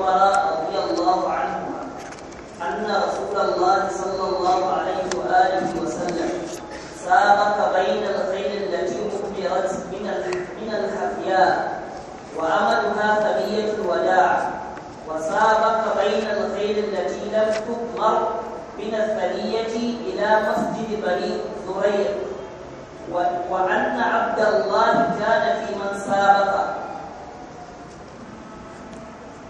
عمر رضي الله عنهما أن رسول الله صلى الله عليه وآله وسلم سابق بين الخيل التي مخبرت من من الحفياء وأملها ثرية الوداع وسابق بين الخيل التي لم تؤمر من الثرية إلى مسجد بني زريع وأن عبد الله كان في من سابق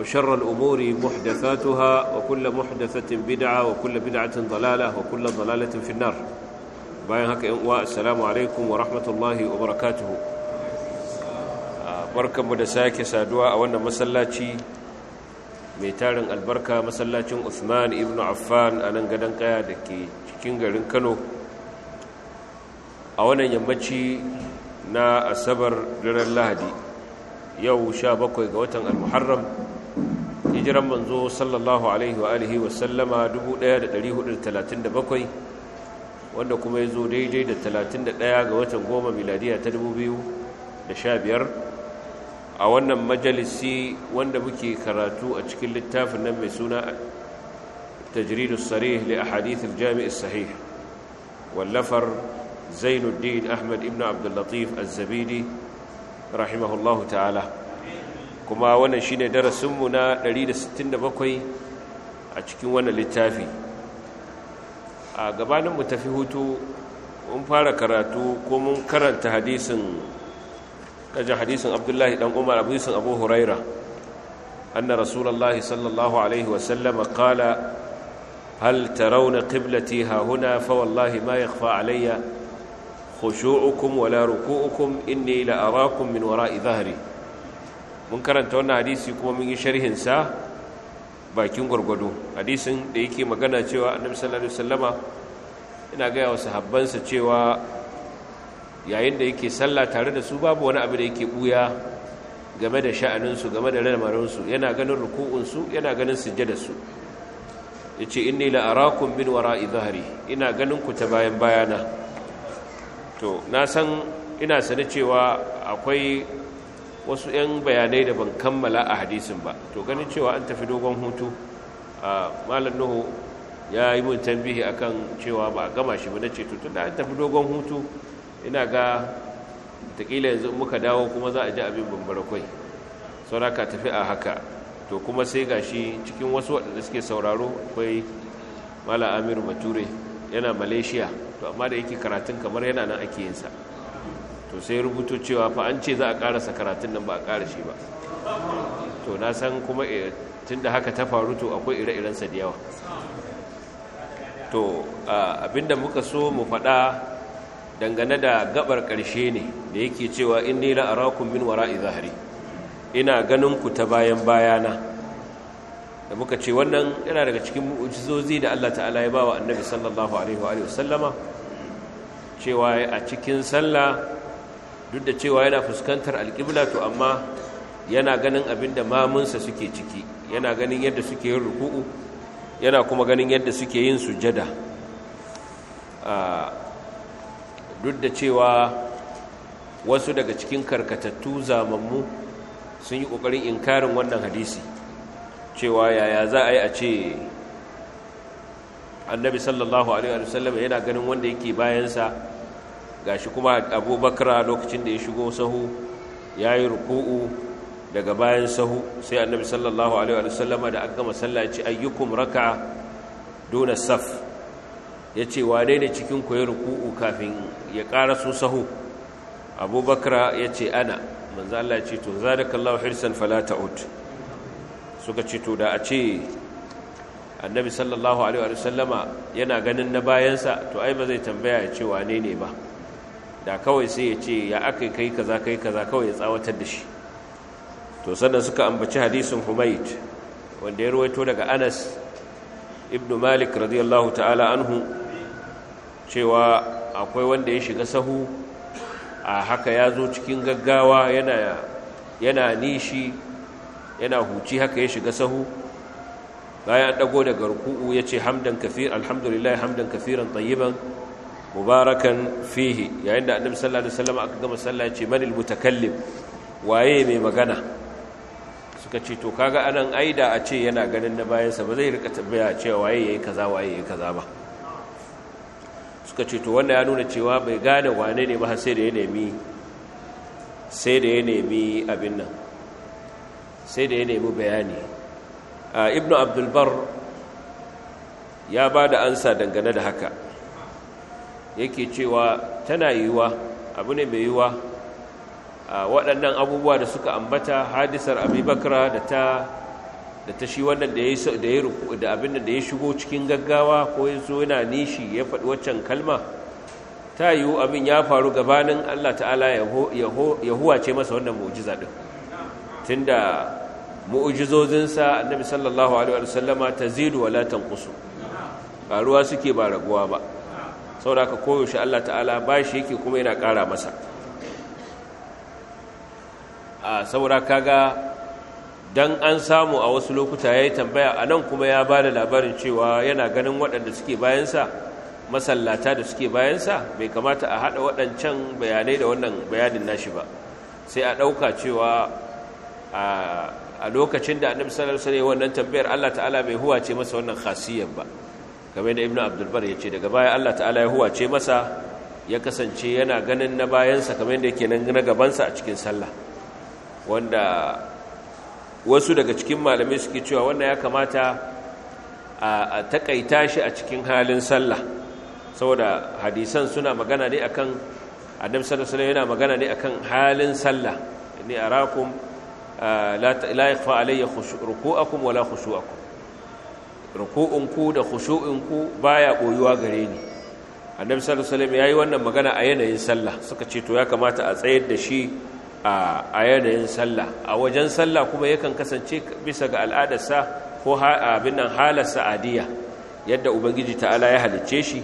وشر الأمور محدثاتها وكل محدثة بدعة وكل بدعة ضلالة وكل ضلالة في النار باين هكا السلام عليكم ورحمة الله وبركاته بركة مدساك سادوا أولنا مسلاتي ميتارن البركة مسلاتي عثمان ابن عفان أنا قدن قيادكي تكين قرن كانوا أولنا يمتشي نا السبر لنا اللهدي يو شابكوي قوة المحرم hijiran manzo sallallahu alaihi wa alihi wa sallama 1437 wanda kuma ya zo daidai da 31 ga watan goma miladiya ta 2015 a wannan majalisi wanda muke karatu a cikin littafin nan mai suna tajridus sarih li ahadith al as-sahih wallafar zainuddin ahmad ibn abdul latif az-zabidi rahimahullahu ta'ala kuma wannan shi ne darasinmu na 167 a cikin wannan littafi a gabaninmu tafi hutu mun fara karatu ko mun karanta hadisin kajin hadisin abdullahi dan umar hadisin abu huraira anna rasulullahi sallallahu alaihi wasallama qala هل ترون قبلتي ها هنا فوالله ما يخفى علي خشوعكم ولا ركوعكم إني لأراكم من وراء ظهري mun karanta wannan hadisi kuma mun yi sharhin sa bakin gwargwado hadisin da yake magana cewa annabi sallallahu alaihi wasallama ina ga yawa sahabbansa cewa yayin da yake sallah tare da su babu wani abu da yake buya game da sha'aninsu game da lamarinsu yana ganin ruku'unsu yana ganin sujjadarsu ya ce inni la'arakun bin wara'i dhahri ina ganin ku ta bayan bayana to na san ina sani cewa akwai wasu 'yan bayanai da ban kammala a hadisin ba to ganin cewa an tafi dogon hutu a malar nuhu ya yi mun tambihi akan cewa ba a gama shi ba na ce tutu da an tafi dogon hutu ina ga takila yanzu muka dawo kuma za a ji abin bambara kwai sauraka tafi a haka to kuma sai ga shi cikin wasu waɗanda suke sauraro akwai malar amiru bature yana malaysia to amma da yake karatun kamar yana nan ake yinsa to sai rubuto cewa fa an ce za a karasa karatun nan ba a kara shi ba to na san kuma eh, tun da haka ta faru to akwai ire-irensa da yawa to abinda muka so mu faɗa dangane da gabar karshe ne da yake cewa in ni la'arakun min wara'i zahari ina ganin ku ta bayan bayana da muka ce wannan yana daga cikin mu'ujizozi da Allah ta'ala ya bawa annabi sallallahu alaihi wa sallama cewa a cikin sallah duk da cewa yana fuskantar alƙibla to amma yana ganin abin da mamunsa suke ciki yana ganin yadda suke yin ruku'u yana kuma ganin yadda suke yin sujada ah, duk da cewa wasu daga cikin karkatattu zamammu sun yi ƙoƙarin inkarin wannan hadisi cewa yaya za a yi a ce annabi sallallahu alaihi wasallam yana ganin wanda yake bayansa gashi kuma abubakra lokacin da ya shigo sahu ya yi ruku'u daga bayan sahu sai annabi sallallahu alaihi wa sallama da aka masallaci ayyukum raka dona saf ya ce wane ne cikin ku ya ruku'u kafin ya ƙara su sahu abubakra ya ce ana manzo Allah ya ce to zadakallahu hirsan fala ta'ud suka ce to da a ce annabi sallallahu alaihi wa sallama yana ganin na bayansa to ai ba zai tambaya ya ce wane ne ba da kawai sai ya ce ya aka kai kaza kai kaza kawai ya tsawatar da shi to sannan suka ambaci hadisin humaid wanda ya ruwaito daga anas ibn malik radiyallahu ta'ala anhu cewa akwai wanda ya shiga sahu a haka ya zo cikin gaggawa yana yana nishi yana huci haka ya shiga sahu bayan an dago daga ruku'u ya ce hamdan kafir alhamdulillah hamdan kafiran tayyiban mubarakan fihi yayin da annabi sallallahu alaihi wasallam aka gama sallah ce manil mutakallim waye mai magana suka ce to kaga anan aida a ce yana ganin na bayansa ba zai rika tambaya cewa waye yayi kaza waye yayi kaza ba suka ce to wannan ya nuna cewa bai gane wane ne ba sai da ya nemi sai da ya nemi abin nan sai da ya nemi bayani ah, ibnu abdul bar ya bada ansa dangane da haka yake cewa tana yiwuwa abu ne mai yiwuwa waɗannan abubuwa da suka ambata hadisar abubakar da ta shi wannan da ya da abin da ya shigo cikin gaggawa ko ya zo yana nishi ya faɗi waccan kalma ta yiwu abin ya faru gabanin Allah ta'ala ya huwace masa wannan mu'ujiza ɗin tunda mu'ujizozinsa annabi sallallahu alaihi wasallama wa latan kusu ƙaruwa suke ba raguwa ba saboda ka koyaushe Allah ta'ala ba shi yake kuma yana kara masa a saboda kaga dan an samu a wasu lokuta yayi tambaya a nan kuma ya ba da labarin cewa yana ganin waɗanda suke bayansa masallata da suke bayansa bai kamata a haɗa waɗancan bayanai da wannan bayanin nashi ba sai a ɗauka cewa a lokacin da annabi sallallahu alaihi wasallam wannan tambayar Allah ta'ala bai huwace masa wannan khasiyar ba game da ibn abdulbar ya ce daga baya allah ta'ala ya huwace masa ya kasance yana ganin na bayansa kamar da yake nan na gabansa a cikin sallah wanda wasu daga cikin malamai suke cewa wannan ya kamata a takaita shi a cikin halin sallah saboda hadisan suna magana ne akan adam sallallahu alaihi yana magana ne akan halin sallah ni arakum la yakhfa alayya khushu'ukum wala khushu'ukum ruku'unku da khushu'unku baya boyuwa gare ni annabi sallallahu alaihi yayi wannan magana a yanayin sallah suka ce to ya kamata a tsayar da shi a yanayin sallah a wajen sallah kuma yakan kasance bisa ga al'adar sa ko abin nan halar sa'adiya, yadda ubangiji ta'ala ya halicce shi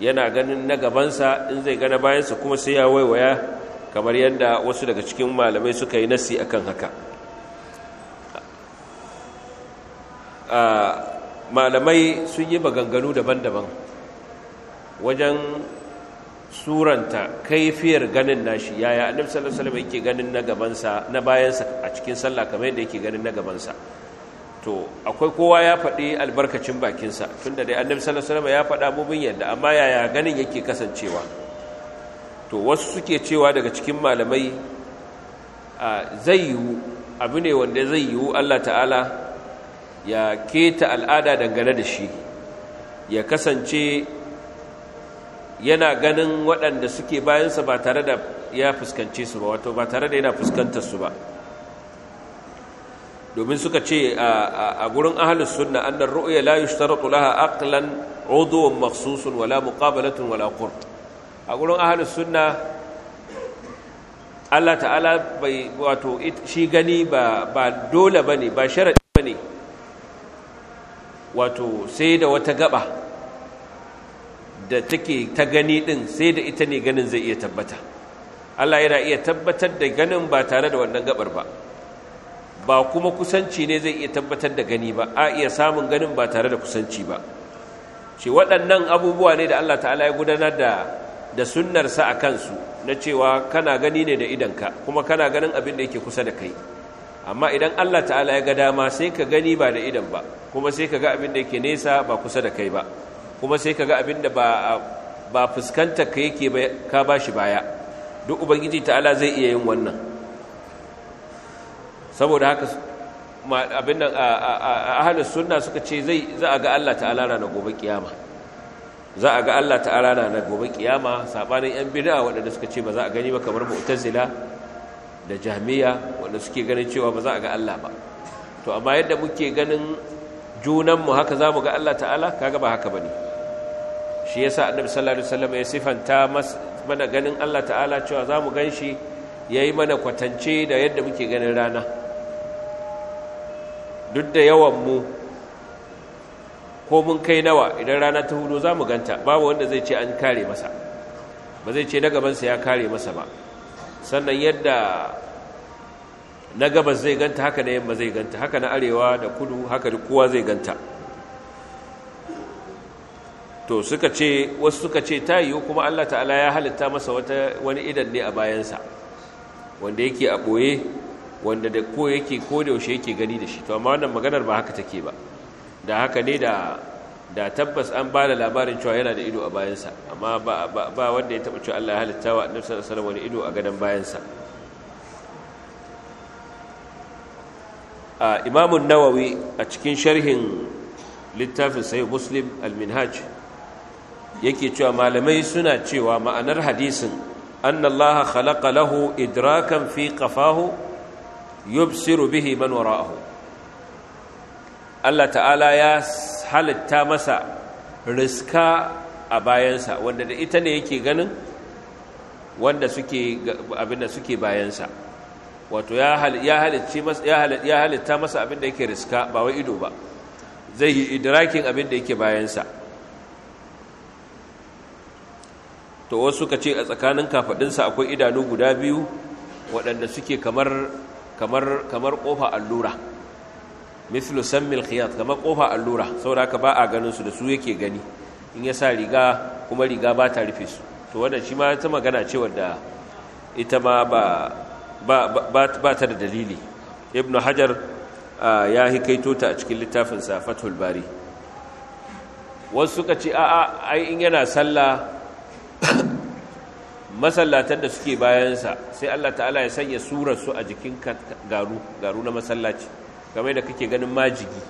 yana ganin na gabansa in zai gana bayan bayansa kuma sai ya waiwaya kamar yadda wasu daga cikin malamai suka yi nasi akan haka malamai sun yi maganganu daban-daban wajen suranta kaifiyar ganin nashi yaya annabi sallallahu alaihi wasallam yake ganin na gabansa na bayansa a cikin sallah kamar yadda yake ganin na gabansa to akwai kowa ya faɗi albarkacin bakinsa tunda dai annabi sallallahu alaihi wasallam ya faɗa abubuwan yadda amma yaya ganin yake kasancewa to wasu suke cewa daga cikin malamai zai yiwu abu ne wanda zai yiwu Allah ta'ala ya keta al'ada dangane da shi ya kasance yana ganin waɗanda suke bayansa ba tare da ya fuskance su ba wato ba tare da yana fuskantar su ba domin suka ce a gurin ahalus sunna annar ru'ya la yushtaratu laha aqlan udwan makhsusun wala muqabalatun wala qurb a gurin ahalus sunna Allah ta'ala bai wato shi gani ba ba dole bane ba sharadi bane wato sai da wata gaba da take ta gani din sai da ita ne ganin zai iya tabbata Allah yana iya tabbatar da ganin ba tare da wannan gabar ba ba kuma kusanci ne zai iya tabbatar da gani ba a iya samun ganin ba tare da kusanci ba ce waɗannan abubuwa ne da Allah ta'ala ya gudanar da da sunnarsa a kansu na cewa kana gani ne da idanka kuma kana ganin abin da yake kusa da kai amma idan Allah ta'ala ya ga dama sai ka gani ba da idan ba kuma sai ka ga abin da yake nesa ba kusa da kai ba kuma sai ka ga abin da ba ba fuskanta ka yake ka bashi baya duk ubangiji ta'ala zai iya yin wannan saboda haka abin nan ahalus sunna suka ce zai za a ga Allah ta'ala na gobe kiyama za a ga Allah ta'ala na gobe kiyama sabanin yan bid'a waɗanda suka ce ba za a gani ba kamar mu'tazila da jahmiya wanda suke ganin cewa ba za a ga Allah ba to amma yadda muke ganin junanmu haka za mu ga Allah ta'ala kaga ba haka ba ne shi yasa annabi sallallahu alaihi wasallam ya sifanta mana ganin Allah ta'ala cewa za mu gan shi ya yi mana kwatance da yadda muke ganin rana duk da yawanmu ko mun kai nawa idan rana ta hudu za mu ganta babu wanda zai ce an kare masa ba zai ce na gabansa ya kare masa ba sannan yadda na gabas zai ganta haka na yamma zai ganta haka na arewa da kudu haka kowa zai ganta to suka ce wasu suka ce ta yiwu kuma Allah ta'ala ya halitta masa wata wani idan ne a bayansa wanda yake a ɓoye wanda da ko yake ko da yaushe yake gani da shi to amma wannan maganar ba haka take ba da haka ne da da tabbas an ba da labarin cewa yana da ido a bayansa amma ba wanda ya taɓa cewa Allah ya halitta wa annabi sallallahu alaihi wasallam wani ido a gadon bayansa imamun nawawi a cikin sharhin littafin sai muslim alminhaj yake cewa malamai suna cewa ma'anar hadisin annallaha khalaqa lahu idrakan fi qafahu yubsiru bihi man wara'ahu Allah ta'ala ya halitta masa riska a bayansa wanda da ita ne yake ganin wanda suke abinda suke bayansa wato ya halitta masa abin da yake riska ba wai ido ba zai yi idrakin abinda yake bayansa to wasu ka ce a tsakanin kafaɗunsa akwai idanu guda biyu waɗanda suke kamar ƙofa allura mithlu sammil khiyat kamar ƙofa allura saboda ba a ganin su da su yake gani in ya sa riga kuma riga ba ta rufe su to wadda shi ma ta magana ce wadda ita ma ba ba ta da dalili ibn hajar ya kai ta a cikin littafin safatul bari wasu suka ce a'a ai in yana sallah masallatan da suke bayansa sai Allah ta'ala ya sanya surarsu a jikin garu garu na masallaci kamar da kake ganin majigi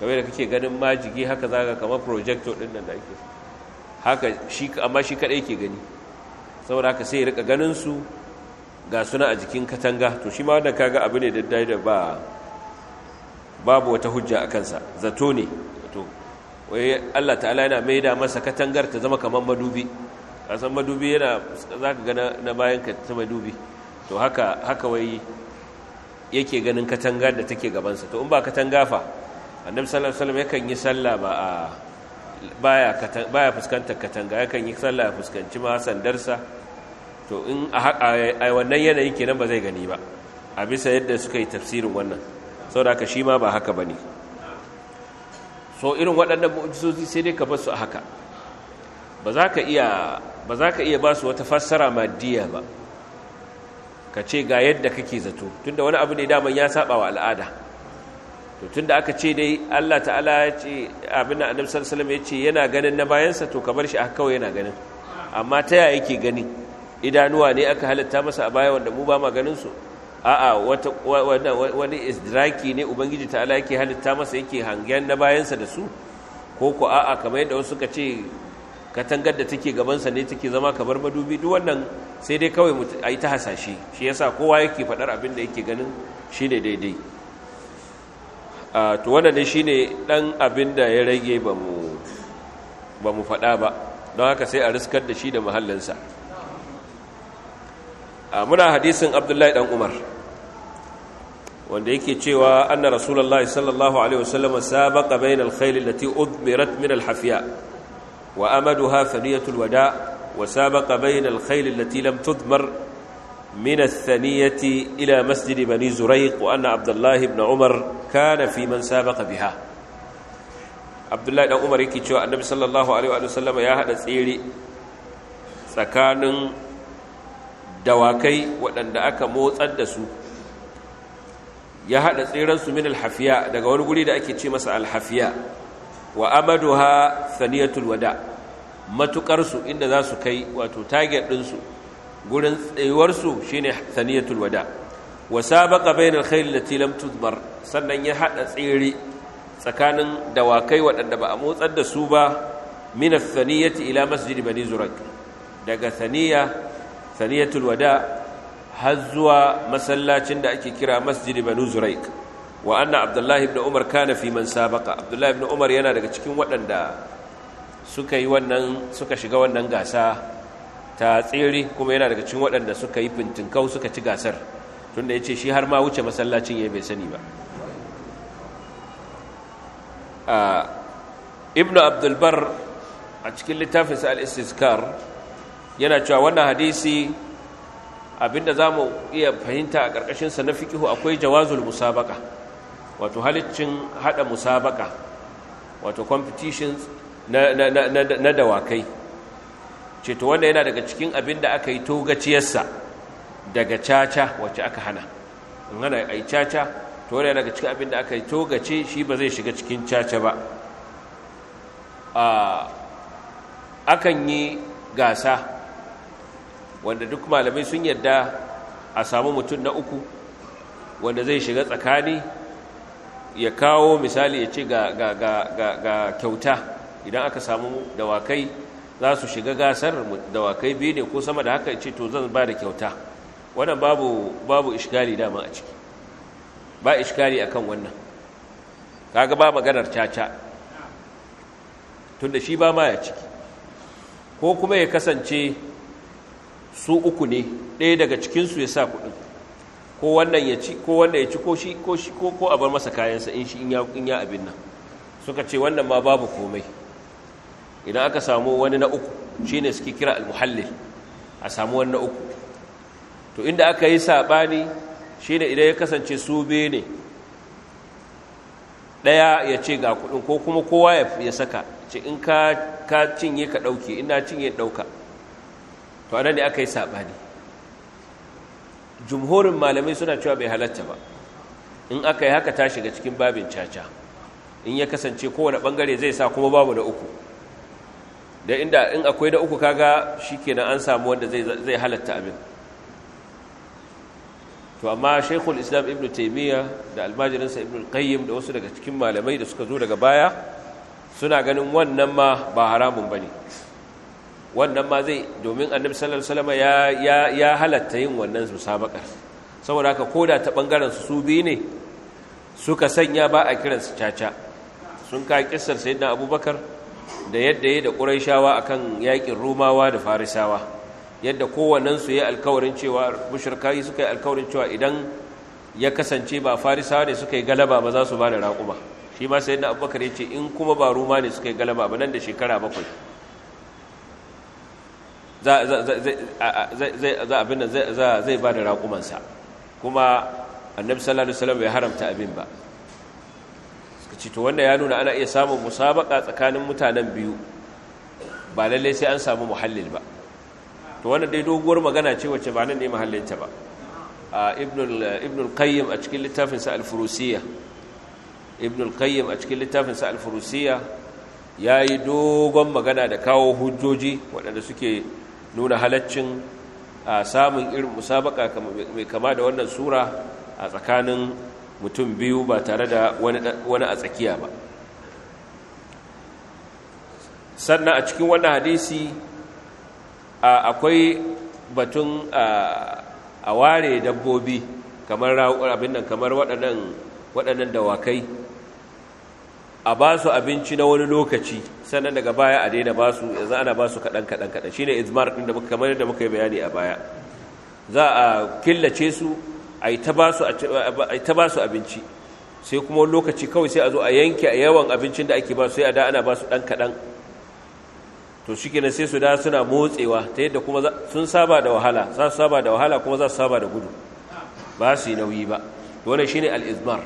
kamar da kake ganin majigi haka zaga kamar projector din nan da ake haka shi amma shi kadai ke gani saboda haka sai ya rika ganin su ga suna a jikin katanga to shi ma wannan kaga abu ne daddai da ba babu wata hujja a kansa zato ne to wai Allah ta'ala yana maida masa katangar ta zama kamar madubi kasan madubi yana za ka gana na bayan ka ta madubi to haka haka wai yake ganin katanga da take gabansa to in ba katanga fa annabi sallallahu alaihi wasallam yakan yi sallah ba a baya baya fuskantar katanga yakan yi sallah ya fuskanci ma sandarsa to in a wannan yanayi kenan ba zai gani ba a bisa yadda suka yi tafsirin wannan Sau da haka shi ma ba haka ba ne so irin waɗannan mu'jizozi sai dai ka basu a haka ba za ka iya ba su wata fassara maddiya ba ka ce ga yadda kake zato tunda wani abu ne daman ya saba wa al'ada to tunda aka ce dai Allah ta'ala ya ce abin da Annabi sallallahu alaihi wasallam ya ce yana ganin na bayansa to ka bar shi a kawai yana ganin amma ta yaya yake gani idanuwa ne aka halatta masa a baya wanda mu ba ma ganin su a'a wani idraki ne ubangiji ta ala yake halitta masa yake hangen na bayansa da su ko ku a'a kamar yadda wasu suka ce katangar da take gabansa ne take zama kamar madubi duk wannan sai dai kawai a yi ta hasashe shi yasa kowa yake faɗar abin da yake ganin shi ne daidai to wannan ne shi ne ɗan abin da ya rage ba mu faɗa ba don haka sai a riskar da shi da mahallinsa muna hadisin abdullahi dan umar wanda yake cewa anna rasulullahi sallallahu alaihi wasallam sabaqa bainal khayl allati udmirat min alhafiya wa amaduha faniyatul wada wa sabaqa bainal khayl allati lam tudmar من الثانية إلى مسجد بني زريق وأن عبد الله بن عمر كان في من سابق بها عبد الله بن عمر يكي النبي صلى الله عليه وسلم يا هذا سيري سكان dawakai waɗanda aka motsar da su ya haɗa tsiransu min alhafiya daga wani guri da ake ce masa alhafiya wa amaduha thaniyatul wada matukarsu inda za su kai wato target ɗinsu gurin tsayuwarsu shine thaniyatul wada wa sabaqa bainal khayl lati tilam tuzmar sannan ya haɗa tsere tsakanin dawakai waɗanda ba a motsar da su ba min saniyati ila masjid bani zurak daga saniya saniyatul wada har zuwa masallacin da ake kira masjid banu zuraik wa anna abdullahi ibn umar kana fi man sabaqa abdullahi ibn umar yana daga cikin waɗanda suka yi wannan suka shiga wannan gasa ta tsiri kuma yana daga cikin waɗanda suka yi fintinkau suka ci gasar tunda ya ce shi har ma wuce masallacin ya bai sani ba ah, ibnu abdul bar a cikin littafinsa al-istizkar yana cewa wannan hadisi abinda za mu iya fahimta a ƙarƙashinsa na fikihu akwai jawazul musabaka wato halicin haɗa musabaka wato competitions na dawakai ceto wanda yana daga cikin abinda aka yi togaciyarsa daga caca wacce aka hana in hana a yi caca to wanda yana daga cikin abinda aka yi togace shi ba zai shiga cikin caca ba akan yi gasa wanda duk malamai sun yadda a samu mutum na uku wanda zai shiga tsakani ya kawo misali ya ce ga, kyauta idan aka samu dawakai za su shiga gasar dawakai biyu ne ko sama da haka ce to zan ba da kyauta wannan babu babu dama a ciki ba a akan wannan kaga ba maganar caca tunda shi ba ma ya ciki ko kuma ya kasance su uku ne ɗaya daga cikinsu ya sa kuɗin ko wannan ya ci ko wannan ya ci ko shi ko shi ko ko a bar masa kayansa in shi in ya in ya abin nan suka ce wannan ma babu komai idan aka samu wani na uku shine suke kira al a samu wani na uku to inda aka yi sabani shine idan ya kasance su be ne daya ya ce ga kuɗin ko kuma kowa ya saka ce in ka ka cinye ka dauke ina cinye dauka to anan ne aka yi saɓani jumhurin malamai suna cewa bai halatta ba in aka yi haka ta shiga cikin babin caca in ya kasance kowane ɓangare zai sa kuma babu da uku da inda in akwai da uku kaga shi kenan an samu wanda zai halatta abin to amma shekul islam ibn taimiyya da almajirinsa ibn qayyim da wasu daga cikin malamai da suka zo daga baya suna ganin wannan ma ba haramun ba ne wannan ma zai domin annabi sallallahu alaihi wasallam ya halatta yin wannan musabakar saboda haka koda ta bangaren su su biyu ne suka sanya ba a kiransu caca sun ka kissar sayyidina abubakar da yadda ya da quraishawa akan yakin rumawa da farisawa yadda kowannen su yayi alkawarin cewa mushrikai suka yi alkawarin cewa idan ya kasance ba farisawa ne suka yi galaba ba za su ba da raƙuma shi ma sayyidina abubakar ya ce in kuma ba ruma ne suka yi galaba ba nan da shekara bakwai zai ba da raƙumansa kuma annabi sallallahu alaihi wasallam bai haramta abin ba suka ce to wanda ya nuna ana iya samun musabaka tsakanin mutanen biyu ba lalle sai an samu muhallil ba to wannan dai doguwar magana ce wacce ba nan ne muhallinta ba ibn al-qayyim a cikin littafin sa al-furusiyya ibn al-qayyim a cikin littafin sa al-furusiyya yayi dogon magana da kawo hujjoji waɗanda suke nuna halaccin samun irin musabaka mai kama da wannan sura a tsakanin mutum biyu ba tare da wani a tsakiya ba sannan a cikin wannan hadisi akwai batun a ware dabbobi kamar abin nan kamar waɗannan dawakai a ba su abinci na wani lokaci sannan daga baya a daina ba su yanzu ana ba su kaɗan kaɗan kaɗan shi ne izmar ɗin da muka kamar muka yi bayani a baya za a killace su a yi ta ba su abinci sai kuma wani lokaci kawai sai a zo a yanke a yawan abincin da ake ba su sai a da ana ba su ɗan kaɗan to shi kenan sai su da suna motsewa ta yadda kuma sun saba da wahala za su saba da wahala kuma za su saba da gudu ba su yi nauyi ba to wannan shine al-izmar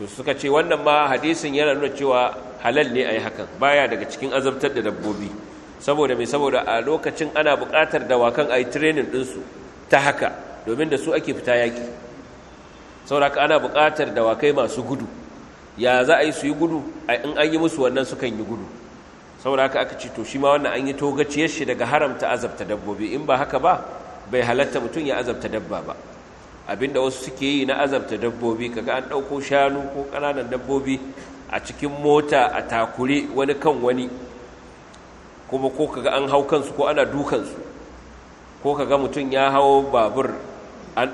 to suka ce wannan ma hadisin yana nuna cewa halal ne a yi hakan baya daga cikin azabtar da dabbobi saboda mai saboda a lokacin ana buƙatar dawakan a yi training su ta haka domin da su ake fita yaƙi sauraka ana buƙatar dawakai masu gudu ya za a yi su yi gudu in an yi musu wannan su kan yi gudu sauraka aka ce to shi ma wannan an yi togaciyar shi daga haramta azabta dabbobi in ba haka ba bai halatta mutum ya azabta dabba ba abinda wasu suke yi na azabta dabbobi kaga an ɗauko shanu ko ƙananan dabbobi a cikin mota a takure wani kan wani kuma ko kaga an hau kansu ko ana dukansu ko kaga mutum ya hawo babur an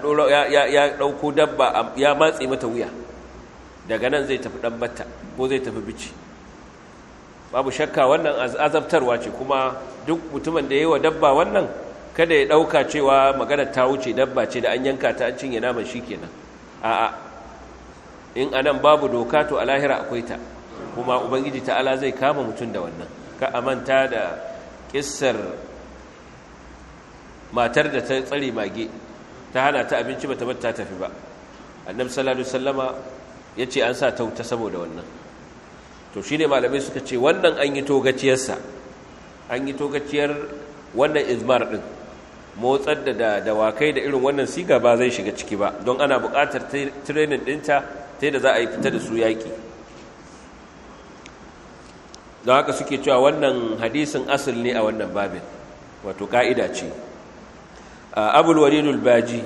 ya ɗauko dabba ya matse mata wuya daga nan zai tafi ɗanbata ko zai tafi bici babu shakka wannan azabtarwa ce kuma duk mutumin da ya yi wa dabba wannan kada ya ɗauka cewa magana ta wuce dabba ce da an yanka ta an cinye naman shi kenan a'a in anan babu doka to a lahira akwai ta kuma ubangiji ta'ala zai kama mutum da wannan ka amanta da kisar matar da ta tsare mage ta hana ta abinci bata bata tafi ba annabi sallallahu alaihi wasallama yace an sa tauta saboda wannan to shine malamai suka ce wannan an yi togaciyarsa an yi togaciyar wannan izmar din motsar da dawakai da irin wannan siga ba zai shiga ciki ba don ana buƙatar training ɗinta ta da za a yi fita da su yaƙi don haka suke cewa wannan hadisin asali ne a wannan babin wato ƙa'ida ce abul walidul baji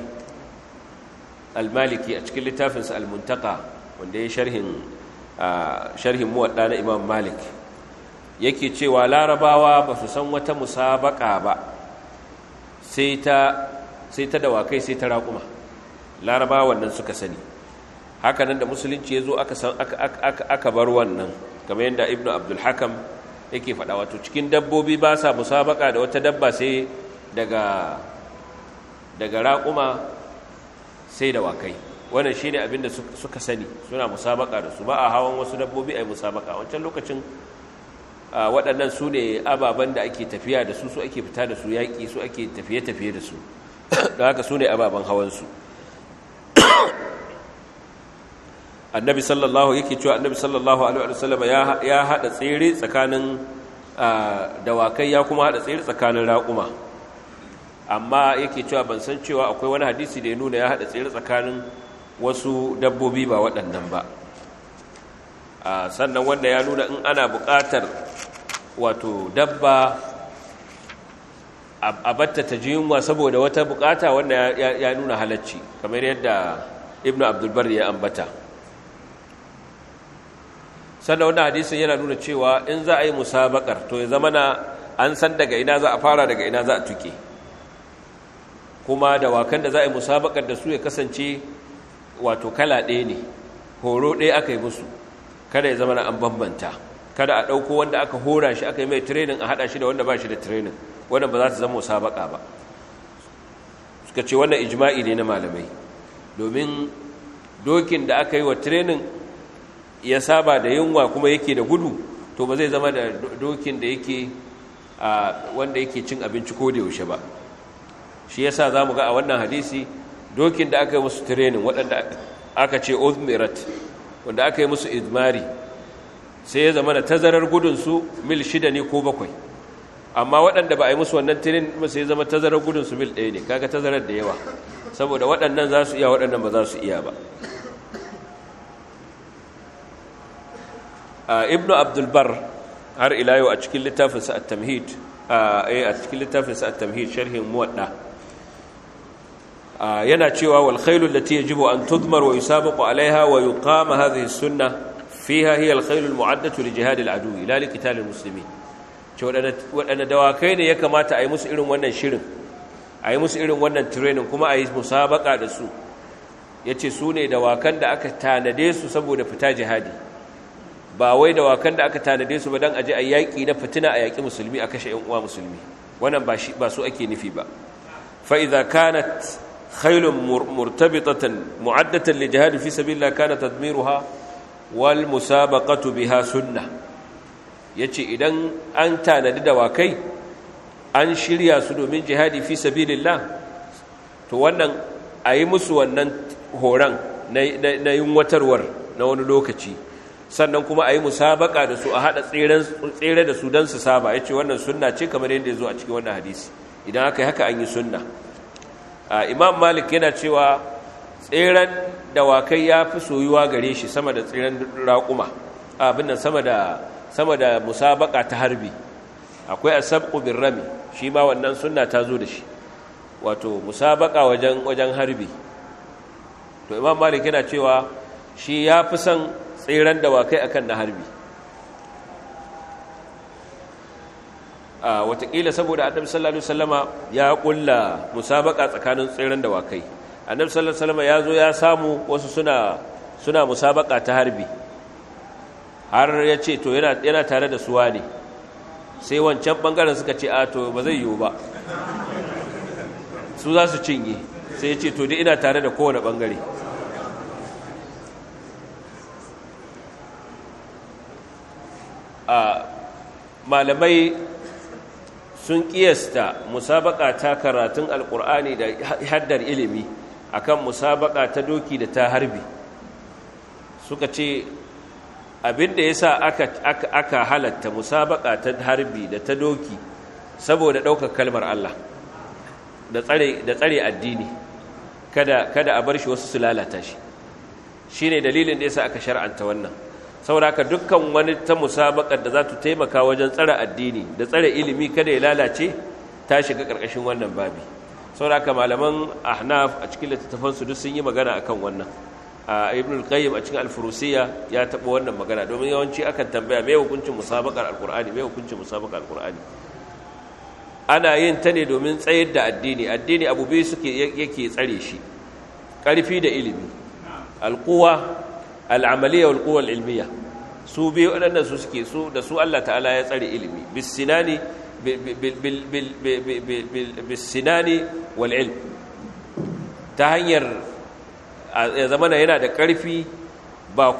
al a cikin littafinsa almuntaka almuntaka wanda ya sharhin sharhin muwadda na imam malik yake cewa larabawa ba su san wata musabaka ba sai ta dawakai sai ta raƙuma laraba wannan suka sani hakanan da musulunci ya zo aka bar wannan kamar yadda ibn abdulhakam yake faɗa wato cikin dabbobi ba sa musabaka da wata dabba sai daga raƙuma sai dawakai wannan shi ne abinda suka sani suna musabaka da su ba a hawan wasu dabbobi a yi musabaka wancan lokacin Ah, waɗannan su ne ababen da ake tafiya da su su ake fita da su yaƙi su ake tafiye-tafiye da su don haka su ne ababen hawansu annabi sallallahu yake cewa annabi sallallahu alaihi wasallam ya haɗa tsere tsakanin ah, dawakai ya kuma haɗa tsere tsakanin raƙuma amma yake cewa ban san cewa akwai wani hadisi da ya nuna ya haɗa tsere tsakanin wasu dabbobi ba waɗannan ba ah, sannan wanda ya nuna in ana buƙatar wato dabba a batta ta ji yunwa saboda wata bukata wanda ya nuna halacci kamar yadda ibn abdulbar ya ambata sannan wani hadisun yana nuna cewa in za a yi musabakar to ya zama na an san daga ina za a fara daga ina za a tuke kuma da wakan da za a yi musabakar da su ya kasance wato kala ɗaya ne horo ɗaya aka yi musu kada ya zama na an bambanta kada a ɗauko wanda aka hora shi aka yi mai training a haɗa shi da wanda ba shi da training wanda ba za ta zama sabaka ba suka ce wannan ijma'i ne na malamai domin dokin da aka yi wa training ya saba da yunwa kuma yake da gudu to ba zai zama da dokin da yake wanda yake cin abinci ko da yaushe ba shi yasa za mu ga a wannan hadisi dokin da aka yi musu training waɗanda aka ce wanda aka yi musu izmari sai ya zama da tazarar gudunsu mil shida ne ko bakwai amma waɗanda ba a yi musu wannan tirin sai ya zama tazarar gudunsu mil ɗaya ne kaga tazarar da yawa saboda waɗannan za su iya waɗannan ba za su iya ba ibnu abdulbar har ila a cikin littafinsa a tamhid eh, a cikin littafinsa a tamhid sharhin muwadda yana cewa wal khailu allati yajibu an tudmar wa yusabaqu alaiha wa kama hadhihi sunna fiha hiya al-khayl al-mu'addatu li jihad al-adu dawakai ne ya kamata a yi musu irin wannan shirin a yi musu irin wannan training kuma a yi musabaka da su ya ce su ne dawakan da aka tanade su saboda fita jihadi ba wai dawakan da aka tanade su ba don aji a yaƙi na fitina a yaƙi musulmi a kashe ‘yan uwa musulmi wannan ba su ake nufi ba fa'iza kanat khailun murtabitatan mu'addatan li jihadi fi sabila kana tadmiruha wal musabaqatu biha sunna yace idan an tanadi dawakai an shirya su domin jihadi fi sabilillah to wannan ayi musu wannan horan na yin watarwar na wani lokaci sannan kuma ayi musabaƙa da su a hada tsere da su dan su saba yace wannan sunna ce kamar yadda yazo a cikin wannan hadisi idan aka yi haka an yi sunna imam malik yana cewa tseren dawakai ya fi soyuwa gare shi sama da tsiran raƙuma abin nan sama da sama da musabaka ta harbi akwai asabqu rami shi ma wannan sunna ta zo da shi wato musabaka wajen wajen harbi to imam malik yana cewa shi ya fi son tsiran dawakai akan na harbi a ah, watakila saboda adam sallallahu alaihi wasallama ya kulla musabaka tsakanin tsiran dawakai annabi sallallahu alaihi wasallam ya zo ya samu wasu suna suna musabaka ta harbi har ya ce to yana yana tare da suwa ne sai wancan bangaren suka ce a to ba zai yiwu ba su za su cinye sai ya ce to dai ina tare da kowane bangare malamai sun kiyasta musabaka ta karatun alkur'ani da haddar ilimi akan musabaka ta doki da ta harbi suka ce abin da yasa aka aka halatta musabaka ta harbi da ta doki saboda ɗaukar kalmar Allah da tsare da tsare addini kada kada a bar shi wasu su lalata shi shine dalilin da yasa aka shar'anta wannan saboda haka dukkan wani ta musabaka da za ta taimaka wajen tsare addini da tsare ilimi kada ya lalace ta shiga ƙarƙashin wannan babi ka malaman ahnaf a cikin littattafansu duk sun yi magana akan wannan A ibn al-qayyim a cikin al-furusiyya ya taɓa wannan magana domin yawanci akan tambaya me hukuncin musabaqar al-qur'ani me hukuncin musabaqar al-qur'ani ana yin ta ne domin tsayar da addini addini abu biyu suke yake tsare shi Karfi da ilimi al-quwa al-amaliyya wal quwa al-ilmiyya su biyu waɗannan su suke su da su Allah ta'ala ya tsare ilimi bisinani بالسنان والعلم ta يا ya zamana yana da karfi ba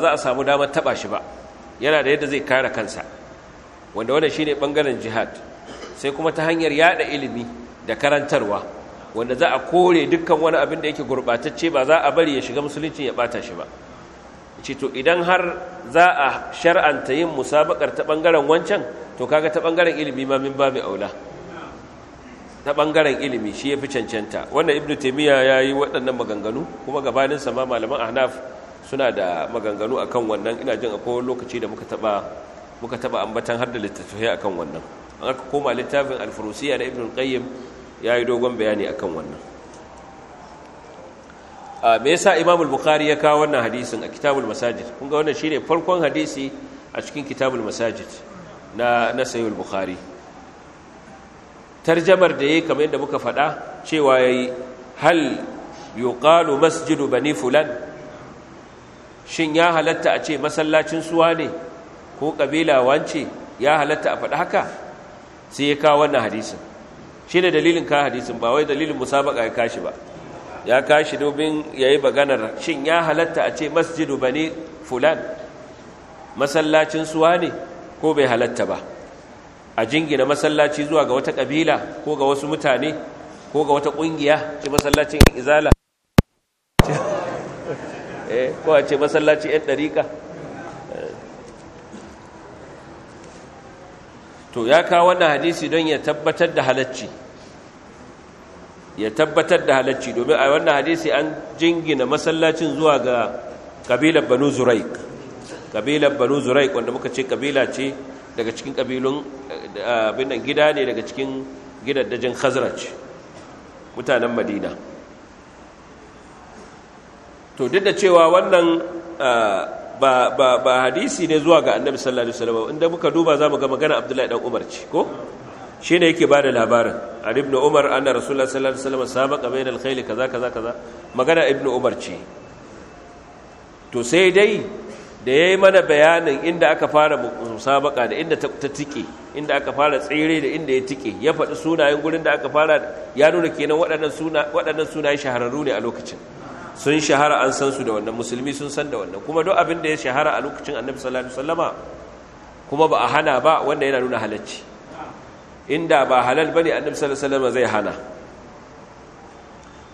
za a samu damar taɓa shi ba yana da yadda zai kare kansa wanda wannan shine bangaren jihad sai kuma ta hanyar yada ilimi da karantarwa wanda za a kore dukkan wani abin da yake gurbatacce ba za a bari ya shiga musulunci ya ɓata shi ba ce to idan har za a shar'anta yin musabakar ta bangaren wancan to kaga ta bangaren ilimi ma min mai aula ta bangaren ilimi shi ya fi cancanta wannan Ibn ibnu ya yi waɗannan maganganu kuma gabanin sama malaman ahnaf suna da maganganu akan wannan ina jin akwai lokaci da muka taba ambatan har da littattafai akan wannan an aka koma littafin al na ibnu qayyim yayi dogon bayani akan wannan Ah, me yasa imam al-bukhari ya kawo wannan hadisin a kitabul masajid kun ga wannan shine farkon hadisi a cikin kitabul masajid na na sahih al-bukhari tarjamar da yake kamar yadda muka faɗa cewa yayi hal yuqalu masjid bani fulan shin ya halatta a ce masallacin suwa ne ko kabila wance ya halatta a faɗa haka sai ya kawo wannan hadisin shine dalilin ka hadisin ba wai dalilin musabaka ya kashi ba ya kashi domin ya yi maganar shin ya halatta a ce masjidu bane fulan masallacin suwa ne ko bai halatta ba a jingina masallaci zuwa ga wata kabila ko ga wasu mutane ko ga wata ƙungiya ce masallacin izala eh, ko a ce masallacin 'yan ɗariƙa to ya kawo wannan hadisi don ya tabbatar da halacci ya tabbatar da halacci domin a wannan hadisi an jingina masallacin zuwa ga kabilar banu zuraik kabilar banu zuraik wanda muka ce kabila ce daga cikin kabilun eh, abin nan gida ne daga cikin gidaddajin khazraj mutanen madina to duk da cewa wannan eh, ba hadisi ne zuwa ga annabi sallallahu alaihi wasallam inda muka duba za mu ga magana abdullahi dan umar ce ko shi ne yake ba da labarin a ibn umar anna rasulullah sallallahu alaihi wasallam sabaqa bayna al-khayl kaza kaza kaza magana ibn umar ce to sai dai da yayi mana bayanin inda aka fara musabaka da inda ta tike inda aka fara tsere da inda ya tike ya faɗi sunayen gurin da aka fara ya nuna kenan waɗannan suna waɗannan sunaye shahararru ne a lokacin sun shahara an san su da wannan musulmi sun san da wannan kuma duk abin da ya shahara a lokacin annabi sallallahu alaihi wasallama kuma ba a hana ba wanda yana nuna halacci inda ba halal bane annabi sallallahu alaihi wasallam zai hana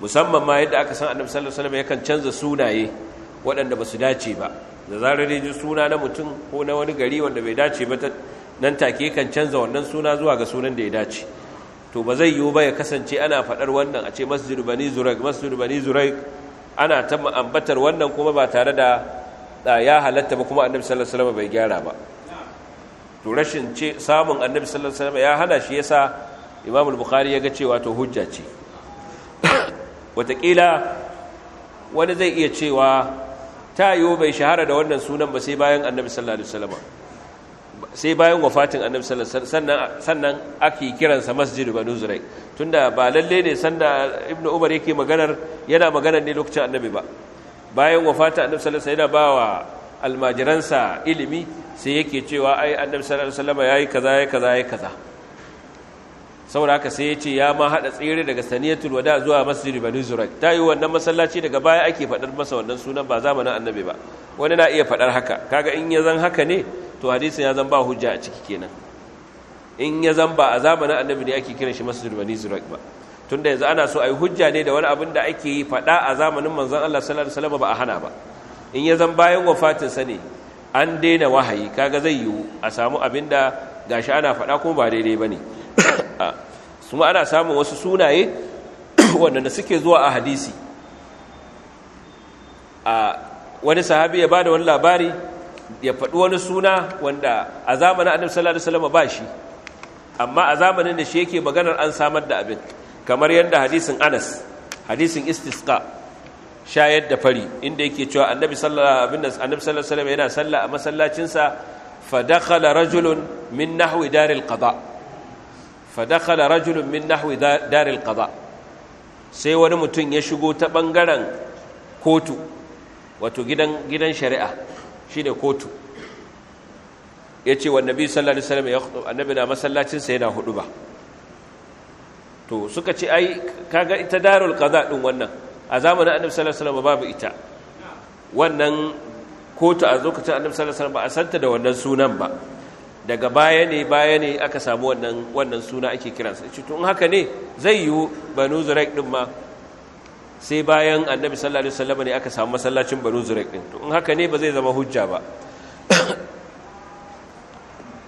musamman ma yadda aka san annabi sallallahu alaihi wasallam yakan canza sunaye waɗanda ba su dace ba da zarar ya ji suna na mutum ko na wani gari wanda bai dace ba nan take kan canza wannan suna zuwa ga sunan da ya dace to ba zai yiwu ba ya kasance ana faɗar wannan a ce masjid bani zuraik masjid bani zuraik ana ta ambatar wannan kuma ba tare da ya halatta ba kuma annabi sallallahu alaihi wasallam bai gyara ba to rashin ce samun annabi sallallahu alaihi wasallam ya hana shi yasa imam al-bukhari ya ga cewa to hujja ce Wataƙila wani zai iya cewa ta yiwu bai shahara da wannan sunan ba sai bayan annabi sallallahu alaihi wasallam sai bayan wafatin annabi sallallahu alaihi sannan sannan ake kiransa masjid banu zurai tunda ba lalle ne sanda ibnu umar yake maganar yana maganar ne lokacin annabi ba bayan wafatin annabi sallallahu alaihi wasallam yana bawa almajiransa ilimi sai yake cewa ai annabi sallallahu alaihi wasallam yayi kaza yayi kaza yayi kaza saboda haka sai yace ya ma hada tsere daga saniyatul wada zuwa masjid bani zurak ta yi wannan masallaci daga baya ake faɗar masa wannan sunan ba zamanin annabi ba wani na iya faɗar haka kaga in ya zan haka ne to hadisin ya zan ba hujja a ciki kenan in ya zan ba a zamanin annabi ne ake kiran shi masjid bani zurak ba tunda yanzu ana so ai hujja ne da wani abin da ake yi fada a zamanin manzon Allah sallallahu alaihi wasallam ba a hana ba in ya zan bayan wafatinsa ne an daina wahayi kaga zai yiwu a samu abin da gashi ana faɗa kuma ba daidai ba ne kuma ana samun wasu sunaye waɗanda suke zuwa a hadisi a wani sahabi ya ba da wani labari ya faɗi wani suna wanda a zamanin annabi sallallahu alaihi wasallam ba shi amma a zamanin da shi yake maganar an samar da abin kamar yadda hadisin Anas hadisin istisqa shayar da fari inda yake cewa annabi sallallahu alaihi wasallam yana salla a masallacinsa fa dakhala rajulun min nahwi daril qada fa dakhala rajulun min nahwi daril qada sai wani mutum ya shigo ta bangaren kotu wato gidan gidan shari'a shine kotu yace wa annabi sallallahu alaihi wasallam ya khutub annabi na masallacinsa yana hudu ba to suka ce ai kaga ita darul qada din wannan a zamanin annabi sallallahu alaihi wasallam babu ita wannan kotu a lokacin annabi sallallahu alaihi wasallam ba a santa da wannan sunan ba daga baya ne baya ne aka samu wannan wannan suna ake kiransa ce to in haka ne zai yiwu banu zuraik din ma sai bayan annabi sallallahu alaihi wasallam ne aka samu masallacin banu zuraik din to in haka ne ba zai zama hujja ba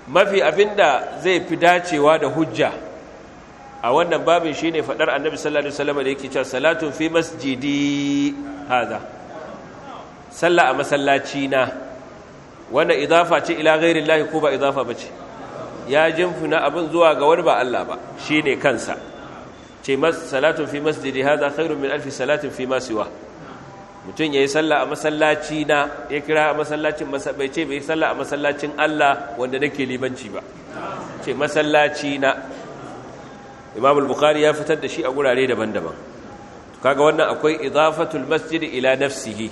mafi abinda zai fi dacewa da hujja a wannan babin shine faɗar annabi sallallahu alaihi wasallam da yake cewa salatun fi masjidi haza. sallah a masallaci na wannan idafa ce ila ghairillahi ko ba idafa bace ya jinfuna abin zuwa ga wani ba Allah ba shine kansa ce salatun fi masjidi haza. khairun min alfi salatin fi ma siwa mutum yayi sallah a masallaci na ya kira a masallacin bai ce bai sallah a masallacin Allah wanda nake libanci ba ce masallaci na imam al-bukhari ya fitar da shi a gurare daban-daban kaga wannan akwai idafatul masjid ila nafsihi